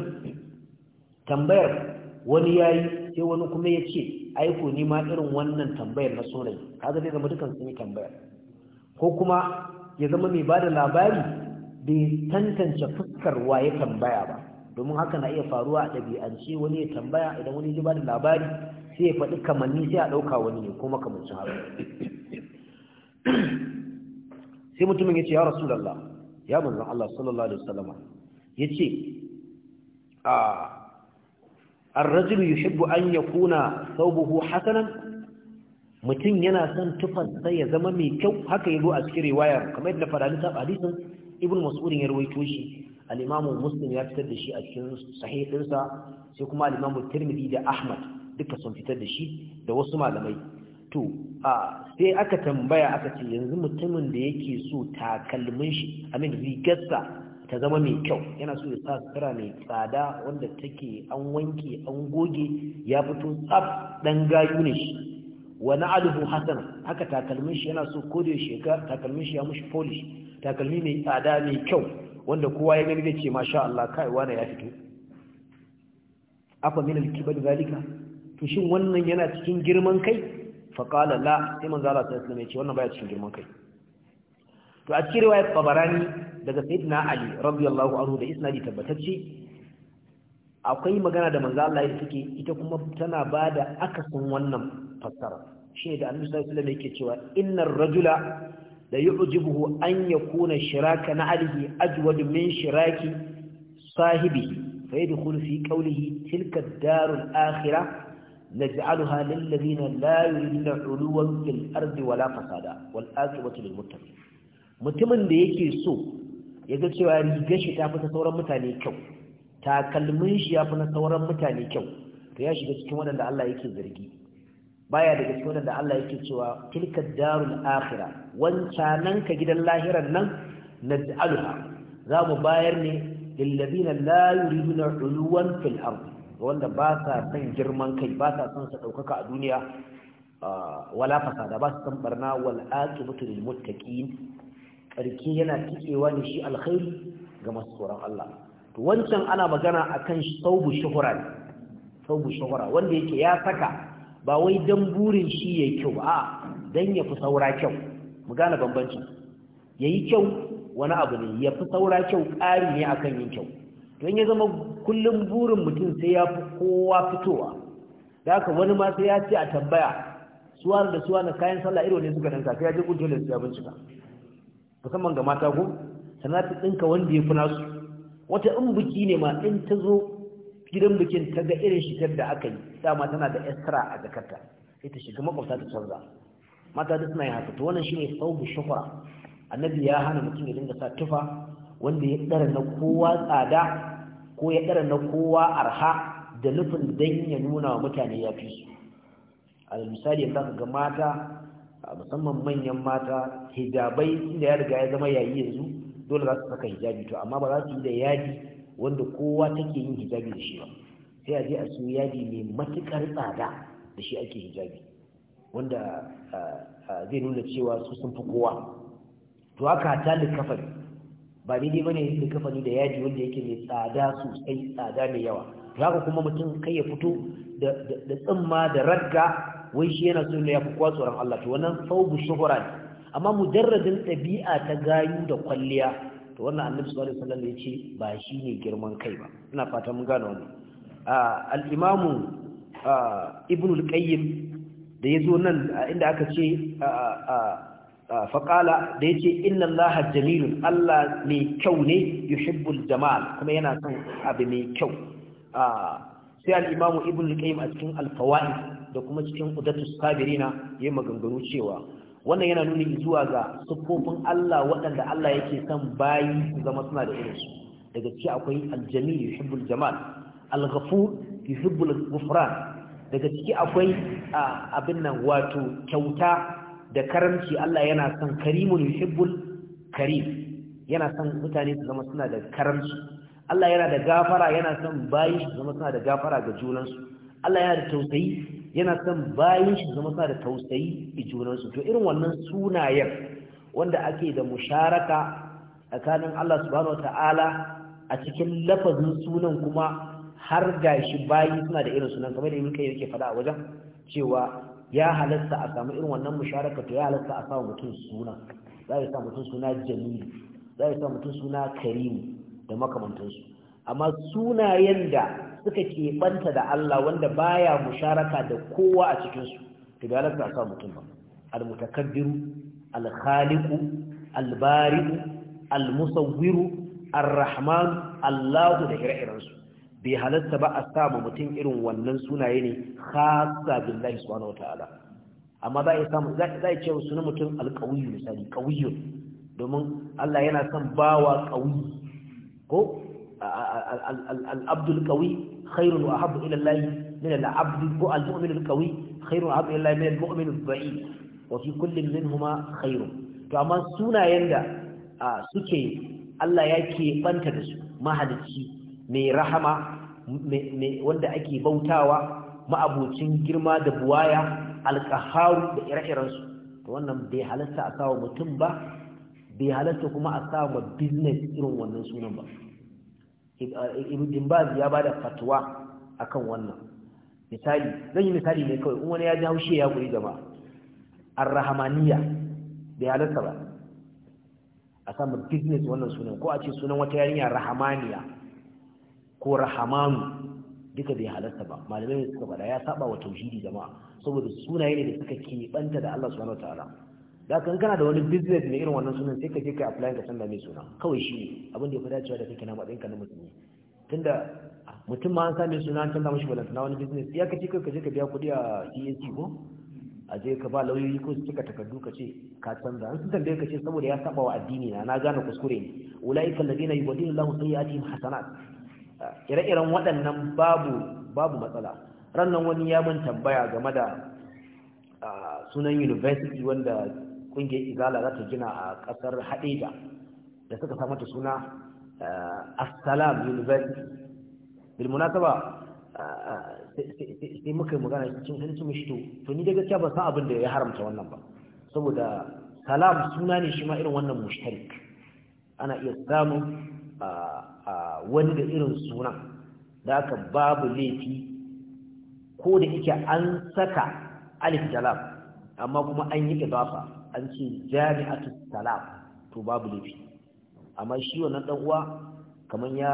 Speaker 1: tambayar wani yayi sai wani kuma ya ce aiko ni ma irin wannan tambayar na so kaga zai zama dukan sun yi tambaya ko kuma ya zama mai ba da labari bai tantance fuskar waye tambaya ba domin haka na iya faruwa a ɗabi'ance wani ya tambaya idan wani ya ba da labari sai ya faɗi kamanni sai a ɗauka wani ne kuma kamancin haka sai mutumin ya ce ya rasu lalla ya manzan Allah sallallahu Alaihi wasallama ya ce a ah, arrajulu yuhibbu an yakuna saubuhu hasanan mutum yana son tufansa ya zama mai kyau haka zo a cikin riwaya kamar yadda faɗa ta hadisin ibnu Mas'udin ya rawaito shi al muslim ya fitar da shi a cikin sahihinsa sai kuma al-imam tirmidhi da ahmad duka sun fitar da shi da wasu malamai to a sai aka tambaya aka ce yanzu mutumin da yake so takalmin shi amin rigarsa ta zama mai kyau yana so ya sa sutura mai tsada wanda take an wanke an goge ya fito tsaf dan gayu ne shi wa na'aluhu hasana haka takalmin shi yana so ko da yaushe ka takalmin shi ya mushi polish takalmi mai tsada mai kyau wanda kowa ya gani zai ce masha Allah kai wani ya fito afa min al-kibar zalika to shin wannan yana cikin girman kai fa qala la sai manzo Allah sallallahu alaihi ce wannan baya cikin girman kai to a cikin riwayat tabarani daga sayyidina ali radiyallahu anhu da isnadi tabbatacce akwai magana da manzo Allah ya ita kuma tana bada akasin wannan fassara shi da annabi sallallahu alaihi wasallam yake cewa innar rajula da yu'jibuhu an yakuna shiraka na alihi ajwad min shiraki sahibi fa yadkhul fi qawlihi tilka ad-darul akhirah naj'alha lil ladina la yuriduna 'uluwan fil ardi wala fasada wal aqibatu lil muttaqin mutumin da yake so yaga cewa riga shi ta fita sauran mutane kyau takalmin shi ya fi na sauran mutane kyau to ya shiga cikin waɗanda Allah yake zargi baya daga cikin da Allah yake cewa tilka darul akhira wancanan ka gidan lahiran nan naj'aluha za mu bayar ne lil ladina la yuriduna uluwan fil ard wanda ba sa son girman kai ba sa son sa daukaka a duniya wala fasada ba sa son barna wal aqibatu lil muttaqin karke yana tikewa ne shi alkhairi ga masu tsoron Allah to wancan ana magana akan saubu shuhura saubu shuhura wanda yake ya saka ba wai dan burin shi yayi kyau a don ya fi saura kyau mu gane bambancin Ya yi kyau wani abu ne ya fi saura kyau ƙari ne akan yin kyau don ya zama kullum burin mutum sai ya fi kowa fitowa da haka wani ma sai ya ce a tambaya suwan da suwan da kayan sallah irin ne suka danka sai ya je kujolin su ya bincika musamman ga mata ko sannan ta ɗinka wanda ya fi nasu wata in biki ne ma in ta zo gidan bikin ta ga irin shigar da aka yi dama tana da extra a jakarta sai ta shiga makwabta ta canza mata da suna yin haka to wannan shine tsawon shukura. annabi ya hana mutum ya dinga sa tufa wanda ya ɗara na kowa tsada ko ya tsara na kowa arha da nufin dan ya nuna wa mutane ya fi su al misali yanzu ka ga mata musamman manyan mata hijabai inda ya riga ya zama yayi yanzu dole za su saka hijabi to amma ba za su yi da yadi wanda kowa take yin hijabi da shi ba sai a je a su yadi mai matukar tsada da shi ake hijabi wanda zai nuna cewa su sun fi kowa to haka ta likafani ba daidai bane likafani da yadi wanda yake mai tsada sosai tsada mai yawa to haka kuma mutum kai ya fito da tsimma da ragga wai shi yana suna ya fi kowa tsoron Allah to wannan sabu shuhura ne amma mujarradin ɗabi'a ta gayu da kwalliya to wannan annabi sallallahu alaihi wasallam yace ba shi ne girman kai ba ina fata mun gano ne al-imam ibn al-qayyim da yazo nan inda aka ce faƙala da yace ce inna Allah jamilun Allah ne kyau ne yuhibbul jamal kuma yana son abu mai kyau sai al imam ibn al-qayyim a cikin al-fawaid da kuma cikin udatus sabirina yayin maganganu cewa wannan yana nuni zuwa ga siffofin Allah waɗanda Allah yake son bayi su zama suna da irinsu daga ciki akwai aljami yuhibbul jamal al yuhibbul ghufran daga ciki akwai abin nan wato kyauta da karamci Allah yana son karimun yuhibbul karim yana son mutane su zama suna da karamci Allah yana da gafara yana son bayi su zama suna da gafara ga junansu Allah yana da tausayi yana son bayan shi zama sa da tausayi da junansu to irin wannan sunayen wanda ake da musharaka tsakanin Allah subhanahu wata'ala a cikin lafazin sunan kuma har shi bayi suna da irin sunan kamar da yin kai yake fada a wajen cewa ya halatta a samu irin wannan musharaka to ya halatta a samu mutum suna za a sa mutum suna jamilu za a sa mutum suna karimu da makamantansu amma sunayen da suka ɓanta da Allah wanda baya musharaka da kowa a cikinsu to bai halatta sa mutum ba al-mutakabbiru al-khaliqu al bari, al-musawwiru ar-rahman Allahu da ire-irensu bai halatta ba a sa mutum irin wannan sunaye ne khassa billahi subhanahu wataala amma za a samu za a ce sunan mutum alqawiyyu misali qawiyyun domin Allah yana son bawa qawi ko al'abdul kawi khairun wa habu ilallahi ko al-mu'min kawi khairun min al-mu'min al-ba'i min huma khairun to amma sunayen da suke Allah ya ke da su mahalicci mai rahama wanda ake bautawa ma'abocin girma da buwaya alkaharu da ire-irensu to wannan bai halarta a sawa mutum ba bai halarta kuma a sawa business irin wannan sunan ba ibn uh, baz ya bada fatwa akan wannan misali zan yi misali ne kawai in wani ya jawo haushe ya guri jama'a ar da ya halatta ba a samu business wannan sunan ko a ce sunan wata yarinya rahamaniya ko rahamanu duka bai halatta ba malamai suka bada ya saba wa tauhidi jama'a saboda sunaye ne da suka keɓanta da Allah subhanahu ta'ala da kan kana da wani business ne irin wannan sunan sai ka je ka apply ka canza mai suna kawai shi abin da ya fi dacewa da kake na matsayin ka na musulmi tunda mutum ma an same suna an canza mashi na wani business ya kace kai ka je ka biya kuɗi a CAC e ko a je ka ba lauyoyi ko su cika takardu ka ce ka canza an sun tambaye ka ce saboda ya saba wa addini na na gane kuskure ne ulaika ladina yubdilu lahu sayyi'atihim hasanat ire-iren waɗannan babu babu matsala rannan wani ya mun tambaya game da ah, sunan university wanda kungiyar izala za ta gina a kasar hadeja da suka sa ta suna eh, assalam university bil eh, eh, sai muka yi magana cikin hanci mishi to to ni da gaskiya ba san abin da ya haramta wannan ba saboda salam suna ne shi ma irin wannan mushtarik ana iya samu wani da irin sunan da aka babu laifi ko da yake an saka alif da amma kuma an yi idafa an ce jami'atu salam to babu laifi amma shi wannan dan uwa kaman ya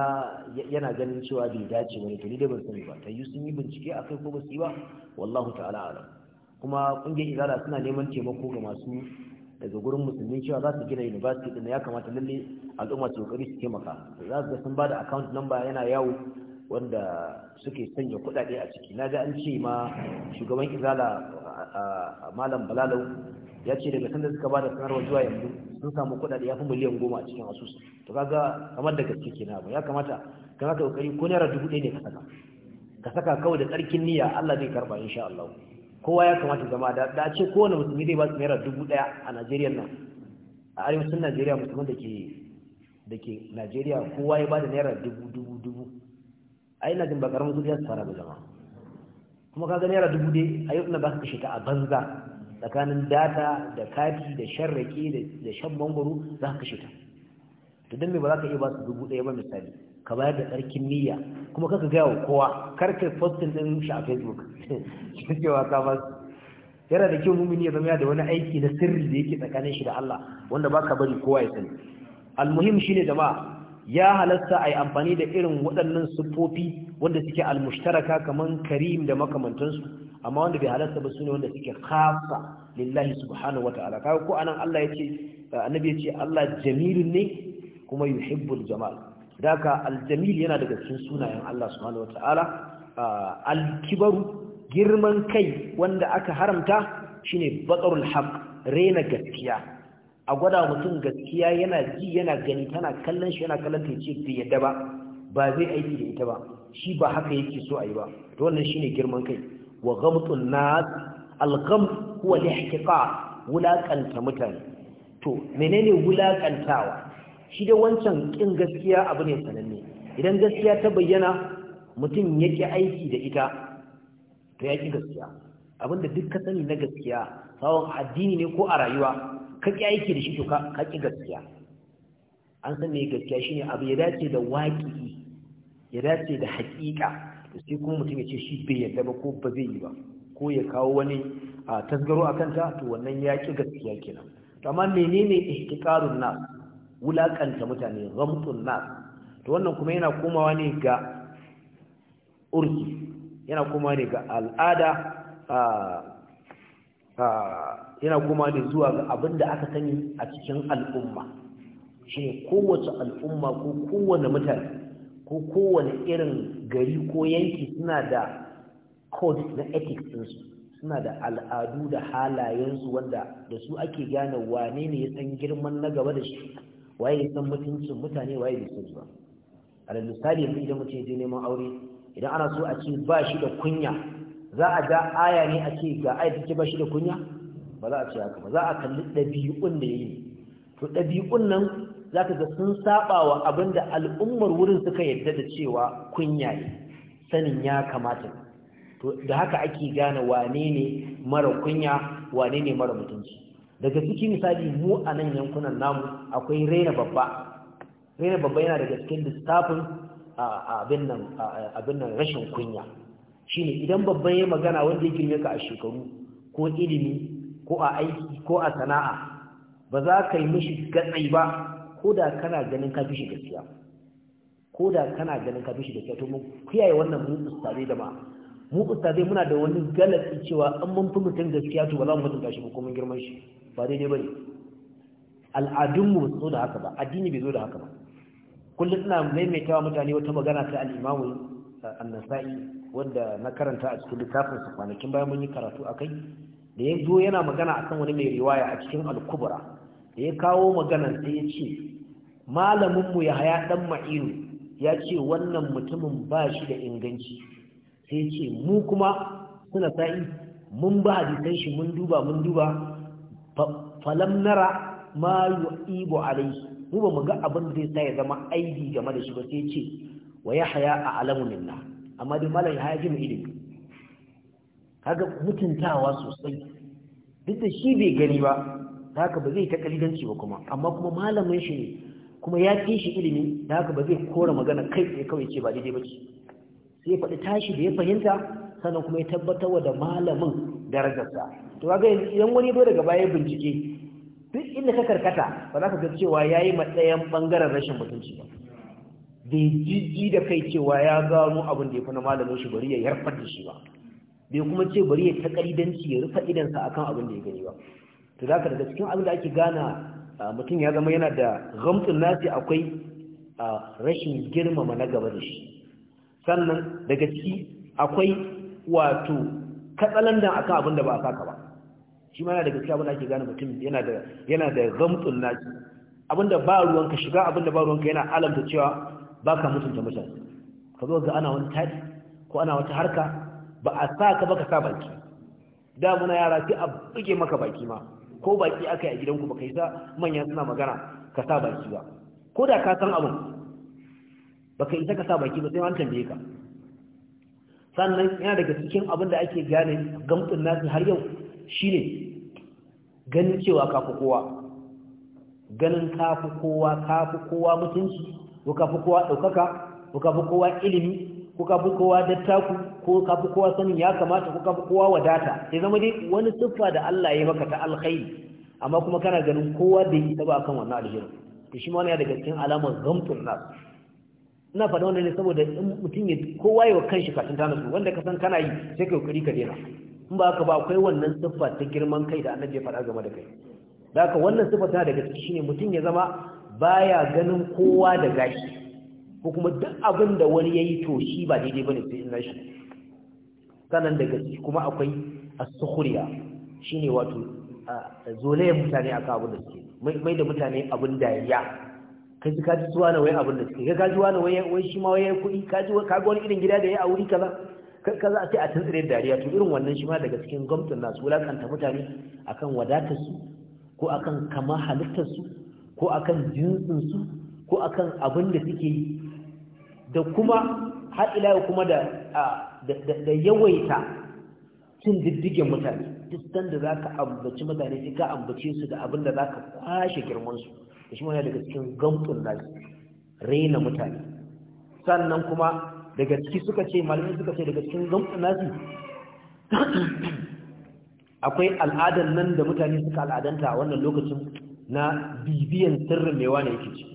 Speaker 1: yana ganin cewa bai dace wani to ni da ban sani ba ta yi sun yi bincike akai ko ba su yi ba wallahu ta'ala alam kuma kungiyar izala suna neman taimako ga masu daga gurin musulmi cewa za su gina university din ya kamata lalle al'umma su kokari su taimaka za su ga sun bada account number yana yawo wanda suke sanya kuɗaɗe a ciki na ga an ce ma shugaban izala malam balalau ya ce daga sanda suka ba da sanarwa zuwa yanzu sun samu kuɗaɗe ya fi miliyan goma a cikin asusu to kaga kamar da gaske ke na ya kamata ka haka kokari ko naira dubu ɗaya ne ka saka ka saka kawai da tsarkin niyya Allah zai karba insha Allah kowa ya kamata zama da da ce kowane musulmi zai ba su naira dubu ɗaya a Najeriya nan a arewacin Najeriya musulman da ke da ke Najeriya kowa ya ba da naira dubu dubu dubu ai ina jin ba karamin zuciya su fara ba jama'a kuma kaga naira dubu dai a yau ina ba su kashe ta a banza tsakanin data da kati da sharraki da shan mangoro za ka kashe ta to don me ba za ka iya ba su dubu ɗaya ba misali ka bayar da tsarkin niyya kuma kaka gaya wa kowa kar kai postin ɗin shi a facebook cewa [laughs] ka ba su yana da kyau mumini ya zama da wani aiki na sirri da yake tsakanin shi da Allah wanda baka bari kowa ya sani almuhim shine jama'a ya halasta a yi amfani da irin waɗannan siffofi wanda suke almushtaraka kamar karim da makamantansu amma wanda bai halasta ba ne wanda suke khasa lillahi subhanahu ta'ala. kaga ko anan Allah yace annabi yace Allah jamilun ne kuma yuhibbul jamal daka aljamil yana daga cikin sunayen Allah subhanahu wataala ah, alkibaru girman kai wanda aka haramta shine batarul haqq rena gaskiya a gwada mutum gaskiya yana ji yana gani tana kallon shi yana kallon tace da bai yadda ba ba zai aiki da ita ba shi ba haka yake so ayi ba to wannan shine girman kai wa ghamtun nas al-gham huwa al ihtiqa wulakanta mutane to menene wulakantawa shi da wancan kin gaskiya abu ne sananne idan gaskiya ta bayyana mutum yake aiki da ita to yaki gaskiya abinda duk ka sani na gaskiya sawon addini ne ko a rayuwa ka ƙi aiki da shi to ka ƙi gaskiya an san me gaskiya shine abu ya dace da waƙi ya dace da haƙiƙa to sai kuma mutum ya ce shi bai yarda ba ko ba zai yi ba ko ya kawo wani a tasgaro a kanta to wannan ya ƙi gaskiya kenan to amma menene ihtiqarun nas wulakanta mutane ghamtun nas to wannan kuma yana komawa ne ga urfi yana komawa ne ga al'ada yana kuma ne zuwa ga abin da aka sani a cikin al'umma shi kowace al'umma ko kowane mutane ko kowane irin gari ko yanki suna da code na ethics ɗinsu suna da al'adu da halayensu wanda da su ake gane wane ne ya san girman na gaba da shi waye ya san mutuncin mutane waye da su ba alal misali yanzu idan mutum je neman aure idan ana so a ce ba shi da kunya za a ga aya ne a ce ga aya take ba shi da kunya ba za a ce haka ba za a kalli ɗabi'un da ya yi to ɗabi'un nan za ka ga sun saba wa abin al'ummar wurin suka yadda da cewa kunya ne sanin ya kamata to da haka ake gane wane ne mara kunya wane ne mara mutunci daga cikin misali mu a nan yankunan namu akwai raina babba raina babba yana daga cikin lissafin abin nan rashin kunya shine idan babban ya magana wanda ya girme ka a shekaru ko ilimi ko a aiki ko a sana'a ba za ka yi mishi gatsai ba ko da kana ganin ka fi shi gaskiya ko da kana ganin ka fi shi gaskiya to mu kiyaye wannan mu ustaze da ma mu ustaze muna da wani galabi cewa an mun fi mutum gaskiya to ba za mu mutunta shi ba ko mun girman shi ba daidai bane al'adun mu so da haka ba addini bai zo da haka ba kullum ina maimaitawa mutane wata magana ta al-Imam eh, an-Nasa'i wanda na karanta a cikin littafin su kwanakin bayan mun yi karatu akai da ya zo yana magana a kan wani mai riwaya a cikin alkubura da ya kawo maganar ta ya ce malaminmu ya haya ɗan ma'iru ya ce wannan mutumin ba shi da inganci sai ce mu kuma suna sa'i mun ba hadisan shi mun duba mun duba falam nara ma a alai mu ba mu ga abin da sa ya zama aiki game da shi ba sai ce wa ya haya a alamunin na amma dai malam ya haya jin ilimi kaga mutuntawa sosai duk da shi bai gani ba haka ba zai ta kalidanci ba kuma amma kuma malamin shi ne kuma ya fi shi ilimi da haka ba zai kora magana kai tsaye kawai ce ba daidai ba ce sai ya faɗi tashi da ya fahimta sannan kuma ya tabbatar wa da malamin darajarsa to kaga idan wani bai daga baya bincike duk inda ka karkata ba za ka ga cewa ya yayi matsayin bangaren rashin mutunci ba bai jijji da kai cewa ya gano abin da ya fi na malamin shi bari ya yarfar da shi ba bai kuma ce bari ya ta kalidanci ya rufe idansa akan abin da ya gani ba to zaka daga cikin abin da ake gana mutum ya zama yana da gamtsin nasi akwai rashin girmama na gaba da shi sannan daga ciki akwai wato katsalandan akan abin da ba a saka ba shi ma yana daga cikin abin da ake gane mutum yana da yana da gamtsin nasi da ba ruwanka shiga abin da ba ruwanka yana alamta cewa baka mutunta mutane ka zo ga ana wani tari ko ana wata harka ba a sa ka baka sa baki da muna yara sai a buge maka baki ma ko baki aka yi a gidanku baka yi sa manya suna magana ka sa baki ba ko da ka san abin baka isa ka sa baki ba sai an tambaye ka sannan yana daga cikin abin da ake gane gamtsin nasu har yau shine ganin cewa kafi kowa ganin kafi kowa kafi kowa mutunci ko kafi kowa ɗaukaka ko kafi kowa ilimi ko kafi kowa dattaku ko ka fi kowa sanin ya kamata ko ka fi kowa wadata sai zama dai wani siffa da Allah ya maka ta alkhairi amma kuma kana ganin kowa da ita ba kan wannan alheri to shi ma wani daga cikin alamar gamtun nas ina faɗa wannan ne saboda in mutum ya kowa ya kan shi kafin ta nasu wanda ka san kana yi sai ka kokari ka daina in ba haka ba akwai wannan siffa ta girman kai da annabi ya faɗa game da kai da haka wannan siffa tana daga ciki shine mutum ya zama baya ganin kowa da gashi ko kuma duk abin da wani yayi to shi ba daidai bane sai in gashi sanan daga ciki kuma akwai as-sukhriya shine wato zolaye mutane aka abun da suke mai da mutane abin dariya kai ji kaji suwa na wai abin da suke kai kaji wani wai shi ma wai kuɗi kaji ga wani irin gida da ya wuri kaza kaza a ce a tantsire dariya to irin wannan shi ma daga cikin gwamnatin nasu wulakanta mutane akan wadatar su ko akan kama halittar su ko akan jinsin su ko akan abin da suke yi da kuma har ila kuma da da yawaita cin diddigin mutane duk sanda za ka ambaci mutane sai ka ambace su da abin da za ka kwashe girmansu da shi mana daga cikin gamtun da raina mutane sannan kuma daga ciki suka ce malamai suka ce daga cikin gamtun nasu [clears throat] akwai al'adan nan da mutane suka al'adanta a wannan lokacin na bibiyan sirrin mai wani yake ci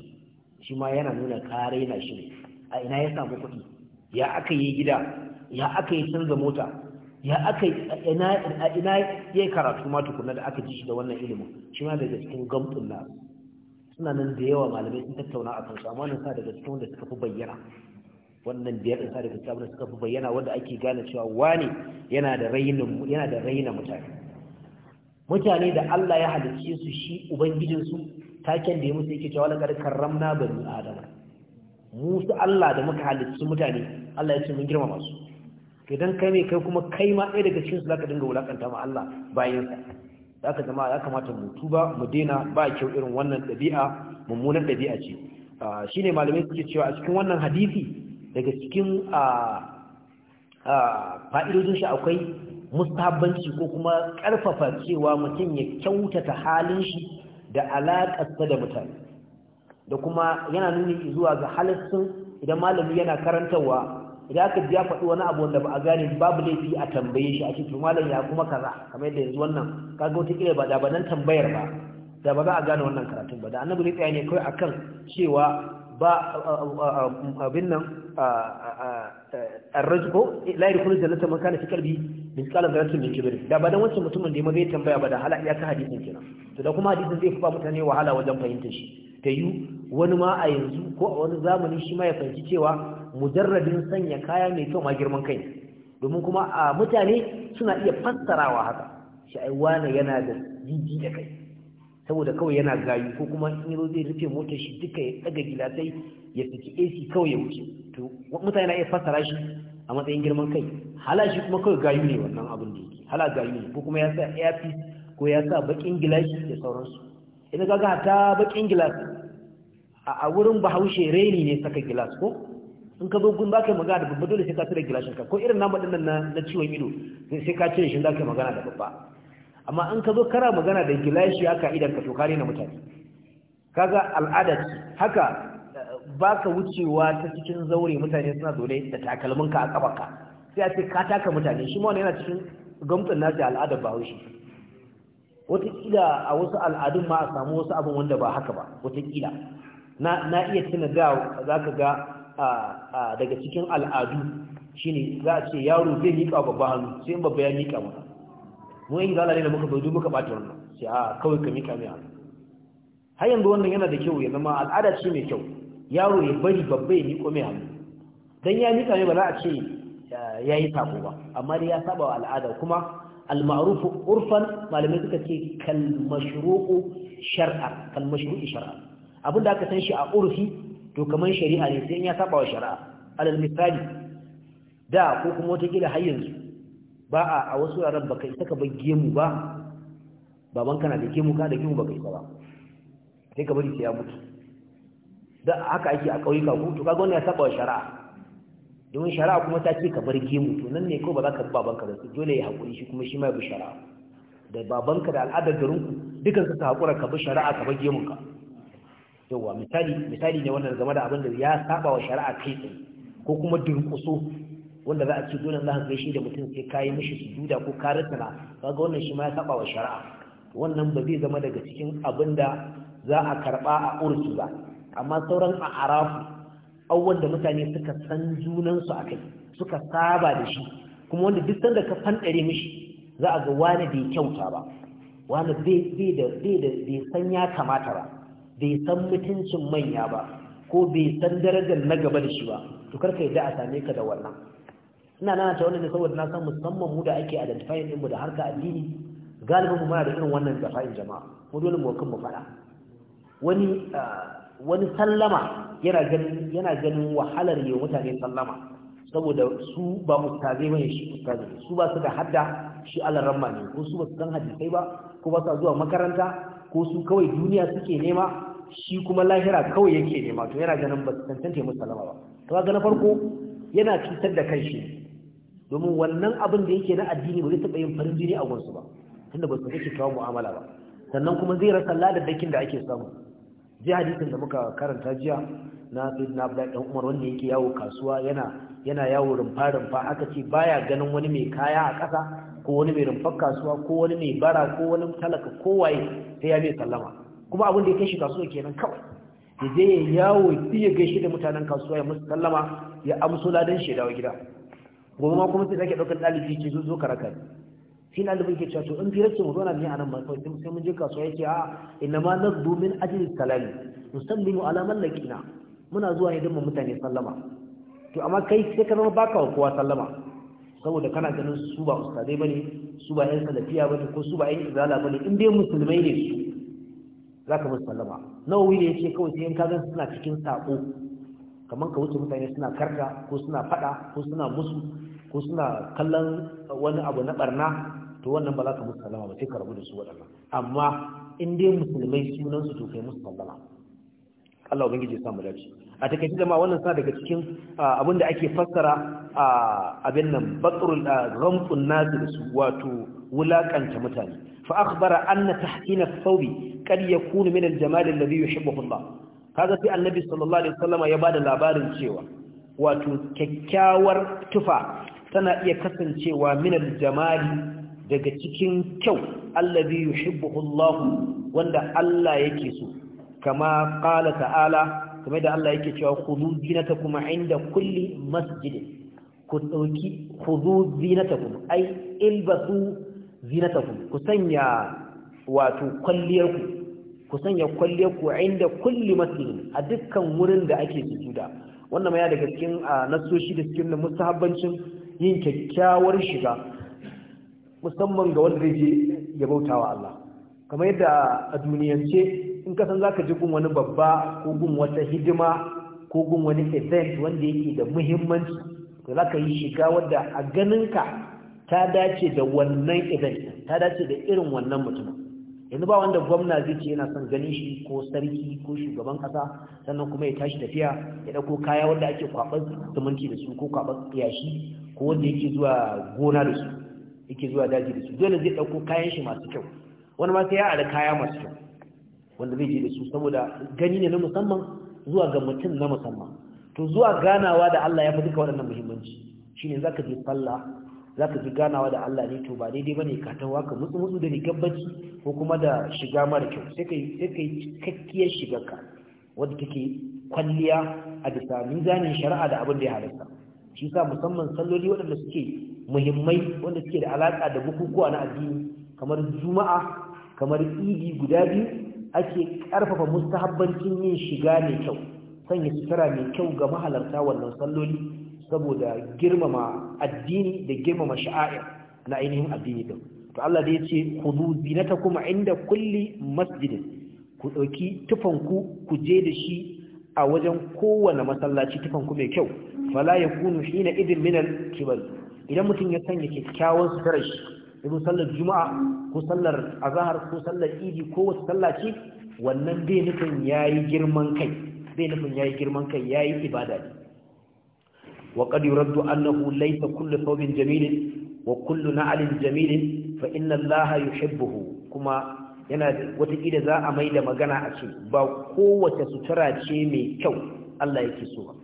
Speaker 1: shi ma yana nuna kare na shi ne a ina ya samu kuɗi ya aka yi gida ya aka yi canza mota ya aka yi ina karatu ma tukuna da aka ji shi da wannan ilimin shi ma daga cikin gamtun na suna nan da yawa malamai sun tattauna a kansu amma nan sa daga cikin wanda suka fi bayyana wannan biyar din daga cikin suka fi bayyana wanda ake gane cewa wani yana da rainin yana da raina mutane mutane da Allah ya halicce su shi ubangijin su taken da ya musu yake cewa laqad karramna bani adama musu Allah da muka halicci mutane Allah ya ce mun girmama su idan kai ne kai kuma kai ma ɗaya daga cikin su zaka dinga wulakanta ma Allah bayan sa zaka zama ya kamata mu tuba mu dena, ba kyau irin wannan ɗabi'a mummunan ɗabi'a ce ah, shine malamai suke cewa a cikin wannan hadisi daga cikin ah, ah, fa'idojin shi akwai mustahabbanci ko kuma ƙarfafa cewa mutum ya kyautata halin shi da alaƙarsa da mutane da kuma yana nuni zuwa ga halittun idan malami yana karantarwa idan aka biya faɗi wani abu wanda ba a gane babu laifi a tambaye shi a cikin malam ya kuma kaza kamar yadda yanzu wannan kaga wata kila ba da ba nan tambayar ba da ba za a gane wannan karatun ba da annabi ne tsaya ne kawai akan cewa ba abin nan arrajko la yadkhulu jannata man kana fi qalbi min qala zalatin min kibr da ba dan wancan mutumin da ma zai tambaya ba da hala ka hadisin kenan to da kuma hadisin zai fi ba mutane wahala wajen fahimtar shi ta yi wani ma a yanzu ko a wani zamani shi ma ya fahimci cewa mujarradin sanya kaya mai kyau ma girman kai domin kuma a mutane suna iya fassarawa haka shi ai wani yana da jiji da kai saboda kawai yana gayu ko kuma in yazo zai rufe motar shi duka ya daga gilasai ya fiki AC kawai ya wuce to mutane na iya fassara shi a matsayin girman kai hala shi kuma kawai gayu ne wannan abin da yake hala gayu ne ko kuma ya sa earpiece ko ya sa bakin gilashi da sauransu idan kaga ta bakin gilas a wurin bahaushe reni ne saka gilas ko in ka zo gun za ka yi magana da babba dole sai ka cire gilashin ka ko irin nama ɗin nan na ciwon ido sai ka cire shi za ka yi magana da babba amma in ka zo kara magana da gilashi haka idan ka tokare na mutane kaga al'ada ce haka ba ka wucewa ta cikin zaure mutane suna zaune da takalminka a kafarka sai a ce ka taka mutane shi ma yana cikin gamtsin nasi al'adar bahaushe wataƙila a wasu al'adun ma a samu wasu abin wanda ba haka ba wataƙila na iya tuna za ka ga daga cikin al'adu shine za a ce yaro zai miƙa babba hannu sai in babba ya miƙa maka mu yin gala ne da muka bai muka bata wannan sai a kawai ka miƙa mai hannu har yanzu wannan yana da kyau ya zama al'ada ce mai kyau yaro ya bari babba ya miƙo mai hannu dan ya miƙa mai ba za a ce ya yi sako ba amma dai ya saba wa al'ada kuma al-ma'ruf urfan malamai suka ce kal mashru'u shar'a kal mashru'u shar'a abinda aka san shi a urfi to kaman shari'a ne sai ya saba wa shari'a alal misali da ko kuma wata gida har yanzu ba a a wasu yaran baka isa ka bar gemu ba baban kana da gemu ka da gemu baka isa ba sai ka bari sai ya mutu da haka ake a kauyuka ko to kaga wannan ya saba wa shari'a domin shari'a kuma ta ce ka bar gemu to nan ne ko ba za ka baban ka ba dole ya hakuri shi kuma shi ma ya bi shari'a da babanka da al'adar garinku dukan su ta hakura ka bi shari'a ka bar ka yawa misali misali ne wannan game da abin da ya saba wa shari'a kai tsaye ko kuma durƙuso wanda za a ce dole za ka gaishe da mutum sai kayi mishi sujuda ko ka karatana kaga wannan shi ma ya saba wa shari'a wannan ba zai zama daga cikin abin da za a karɓa a urtu ba amma sauran a arafu abubuwan da mutane suka san junansu a kai suka saba da shi kuma wanda duk sanda ka fanɗare mishi za a ga wani bai kyauta ba wani bai da bai san ya kamata ba bai san mutuncin manya ba ko bai san darajar na gaba da shi ba to karka yadda a same ka da wannan ina nana ta wannan ne saboda na san musamman mu da ake identifying din mu da harka addini galibin mu muna da irin wannan dafa'in jama'a mu dole mu kan mu fara wani ah, wani sallama yana ganin yana ganin wahalar yi mutane sallama saboda su ba ustazai bane shi ustazai su ba su da hadda shi Allah ne ko su ba su san hadisai ba ko ba su zuwa makaranta ko su kawai duniya suke nema shi kuma lahira kawai yake nema to yana ganin ba tantance musu salama ba to ga na farko yana cutar da kanshi domin wannan abin da yake na addini ba zai taɓa yin farin jini a gunsu ba tunda ba su kake kawo mu'amala ba sannan kuma zai rasa ladadakin da ake samu ji hadisin da muka karanta jiya na na abdullahi dan umar wanda yake yawo kasuwa yana yana yawo rumfa rumfa aka ce baya ganin wani mai kaya a ƙasa ko wani mai rumfar kasuwa ko wani mai bara ko wani talaka ko waye sai ya mai sallama kuma abin da ya kai shi kasuwa kenan kawai ya je ya yawo ya gaishe da mutanen kasuwa ya musu sallama ya amso ladan shi dawo gida gobe ma kuma sai ke daukar dalibi ce zo zo karaka shi dalibin ke cewa to in fiye ce mu zauna ne a nan ba kawai sai mun je kasuwa ya ce a ina ma nazdu min ajli salami musallimu ala mallakina muna zuwa ne don mu mutane sallama to amma kai sai ka zama baka wa kowa sallama saboda kana ganin su ba ustadai bane su ba yan salafiya bane ko su ba yan izala bane in dai musulmai ne su za ka musu sallama nawawi da ya ce kawai sai in ka gan suna cikin sako kamar ka wuce mutane suna karka ko suna fada ko suna musu ko suna kallon wani abu na barna to wannan ba za ka musu sallama ba sai ka rabu da su waɗannan amma in dai musulmai sunansu su to kai musu sallama Allah ubangiji ya samu dace a takaice da ma wannan sa daga cikin abin da ake fassara abin nan batrul ghamtun nasu su wato wulakanta mutane فأخبر أن تحسين الثوب قد يكون من الجمال الذي يحبه الله هذا في النبي صلى الله عليه وسلم يبادى لابار cewa wato kyakkyawar tufa tana iya kasancewa min al daga cikin kyau allazi yuhibbuhu Allah wanda Allah yake so kama qala ta'ala kuma da Allah yake cewa khudhu zinatakum inda kulli masjid ku dauki khudhu zinatakum ilbasu zinatakum ku sanya wato kwalliyarku ku sanya kwalliyarku inda kulli masjidin a dukkan wurin da ake sujuda wannan ma ya daga cikin nasoshi da cikin musahabbancin yin kyakkyawar shiga musamman ga wanda zai je ya bautawa Allah kamar yadda a duniyance in ka san zaka ji gun wani babba ko gun wata hidima ko gun wani event wanda yake da muhimmanci to zaka yi shiga wanda a ganin ka ta dace da wannan event ta dace da irin wannan mutumin yanzu ba wanda gwamna zai ce yana son ganin shi ko sarki ko shugaban kasa sannan kuma ya tashi tafiya ya dauko kaya wanda ake kwabar zumunci da su ko kwabar yashi ko wanda yake zuwa gona da su yake zuwa daji da su dole zai dauko kayan shi masu kyau wani ma sai ya ada kaya masu kyau wanda zai je da su saboda gani ne na musamman zuwa ga mutum na musamman to zuwa ganawa da Allah ya fi duka waɗannan muhimmanci shine zaka je sallah za ka fi ganawa da Allah ne to ba daidai ba ne ka tawa ka mutsu mutsu da rigabbaci ko kuma da shiga mara kyau sai ka yi cikakkiyar ka wadda take kwalliya a bisa mizanin shari'a da abin da ya halitta shi sa musamman salloli waɗanda suke muhimmai wanda suke da alaƙa da bukukuwa na addini kamar juma'a kamar idi guda biyu ake ƙarfafa mustahabbancin yin shiga mai kyau sanya sutura mai kyau ga mahalarta wannan salloli saboda girmama addini da girmama sha'a'ir na ainihin addini din to Allah da yace khudhu kuma inda kulli masjid ku dauki tufanku ku je da shi a wajen kowane masallaci tufanku mai kyau fala yakunu hina idin min al-kibal idan mutum ya sanya kyakkyawan sutura shi irin sallar juma'a ko sallar azhar ko sallar idi ko wata sallaci wannan bai nufin yayi girman kai bai nufin yayi girman kai yayi ibada ne وقد يرد أنه ليس كل ثوب جميل وكل نعل جميل فإن الله يحبه كما yana wataƙila za a mai da magana a ce ba kowace sutura ce mai kyau Allah yake so ba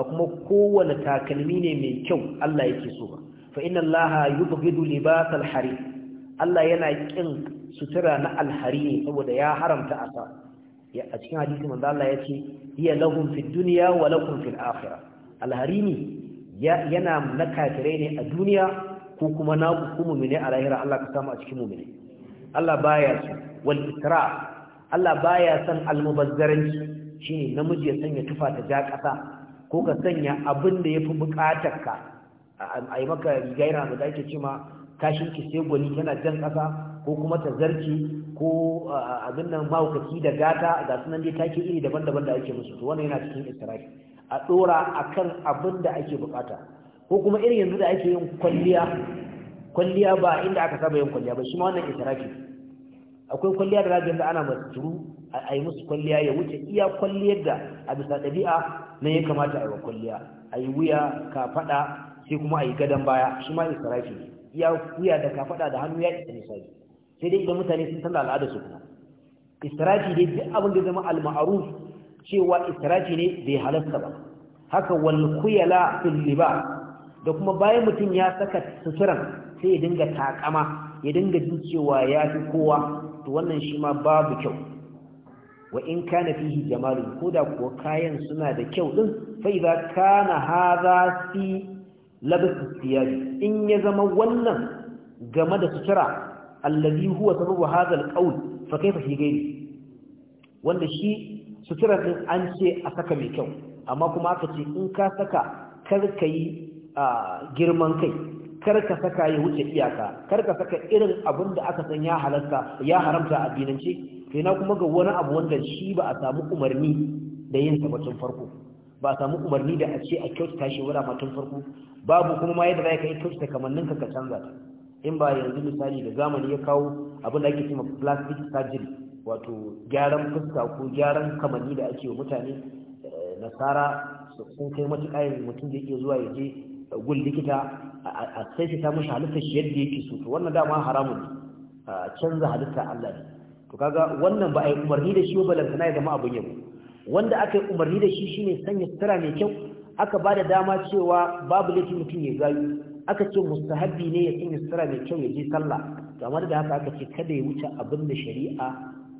Speaker 1: ba kuma kowane takalmi ne mai kyau Allah yake so ba fa inna Allah yubghidu libas al-hari Allah yana kin sutura na al-hari saboda ya haramta asa a cikin hadisi manzo Allah yace hiya lahum fid dunya wa lakum fil akhirah alharimi yana na kafirai ne a duniya ko kuma na ku mumine a lahira Allah ka samu a cikin mumine Allah baya su wal isra Allah baya san almubazzaranci shine namiji ya sanya tufa ta ja kasa ko ka sanya abin da yafi bukatar ka yi maka gaira da ake cewa kashin ki sai gwani yana jan kasa ko kuma ta zarci ko abin nan mahaukaci da gata ga sunan dai take iri daban-daban da ake musu to wannan yana cikin isra'i a dora kan abin da ake bukata ko kuma irin yanzu da ake yin kwalliya kwalliya ba inda aka saba yin kwalliya ba shi ma wannan itirafi akwai kwalliya da zaka da ana masu a yi musu kwalliya ya wuce iya kwalliyar da a bisa ɗabi'a na ya kamata a yi wa kwalliya a yi wuya ka faɗa sai kuma a yi gadon baya shi ma israfi iya wuya da ka faɗa da hannu ya isa misali sai dai idan mutane sun san al'adar su kuma israfi dai duk abin da zama al-ma'ruf cewa israfi ne bai halasta ba haka wal khuyala da kuma bayan mutum ya saka suturan sai ya dinga takama ya dinga jin cewa ya fi kowa to wannan shi ma babu kyau wa in kana fihi jamalun koda kuwa kayan suna da kyau din fa idza kana hadha fi labas siyabi in ya zama wannan game da sutura allazi huwa sababu hadha alqawl fa kaifa fi ghairi wanda shi sutura din an ce a saka mai kyau amma kuma aka ce in ka saka kar ka yi girman kai kar ka saka ya wuce iyaka kar ka saka irin abin da aka san ya halarta ya haramta a binance kai na kuma ga wani abu wanda shi ba a samu umarni da yin sa farko ba a samu umarni da a ce a kyautata shi wani ma tun farko babu kuma ma yadda za ka yi kyautata kamannin ka ka canza ta in ba yanzu misali da zamani ya kawo abin da ake cewa plastic surgery wato gyaran fuska ko gyaran kamanni da ake mutane eh, nasara sun kai matuƙa yin mutum da yake zuwa ya je gun likita a sai ta mashi halittar shi yadda yake so to wannan dama haramun ne canza halitta Allah ne to kaga wannan ba a yi umarni da shi ba lantana ya zama abun yabo wanda aka yi umarni da shi shine sanya sutura mai kyau aka ba da dama cewa babu laifin mutum ya gayu aka ce mustahabbi ne ya sanya sutura mai kyau ya je sallah Kamar amma da haka aka ce kada ya wuce abin da shari'a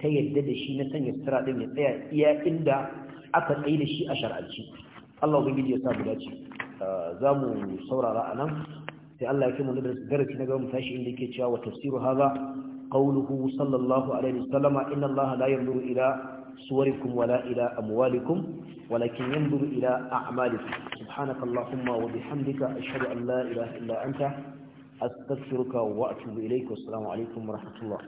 Speaker 1: ta yadda da shi na sanya sutura din ya tsaya iya inda aka tsaye da shi a shar'anci Allah ubangiji ya sa mu dace ah, za mu saurara a nan sai Allah ya kai mu da darasi na gaba mu tashi inda yake cewa wa tafsiru hadha qawluhu sallallahu alaihi wasallam inna Allah la yanzuru ila ila ولا walakin أموالكم ولكن ينظر إلى أعمالكم سبحانك اللهم وبحمدك أشهد أن لا إله إلا أنت أستغفرك وأتوب إليك والسلام عليكم ورحمة الله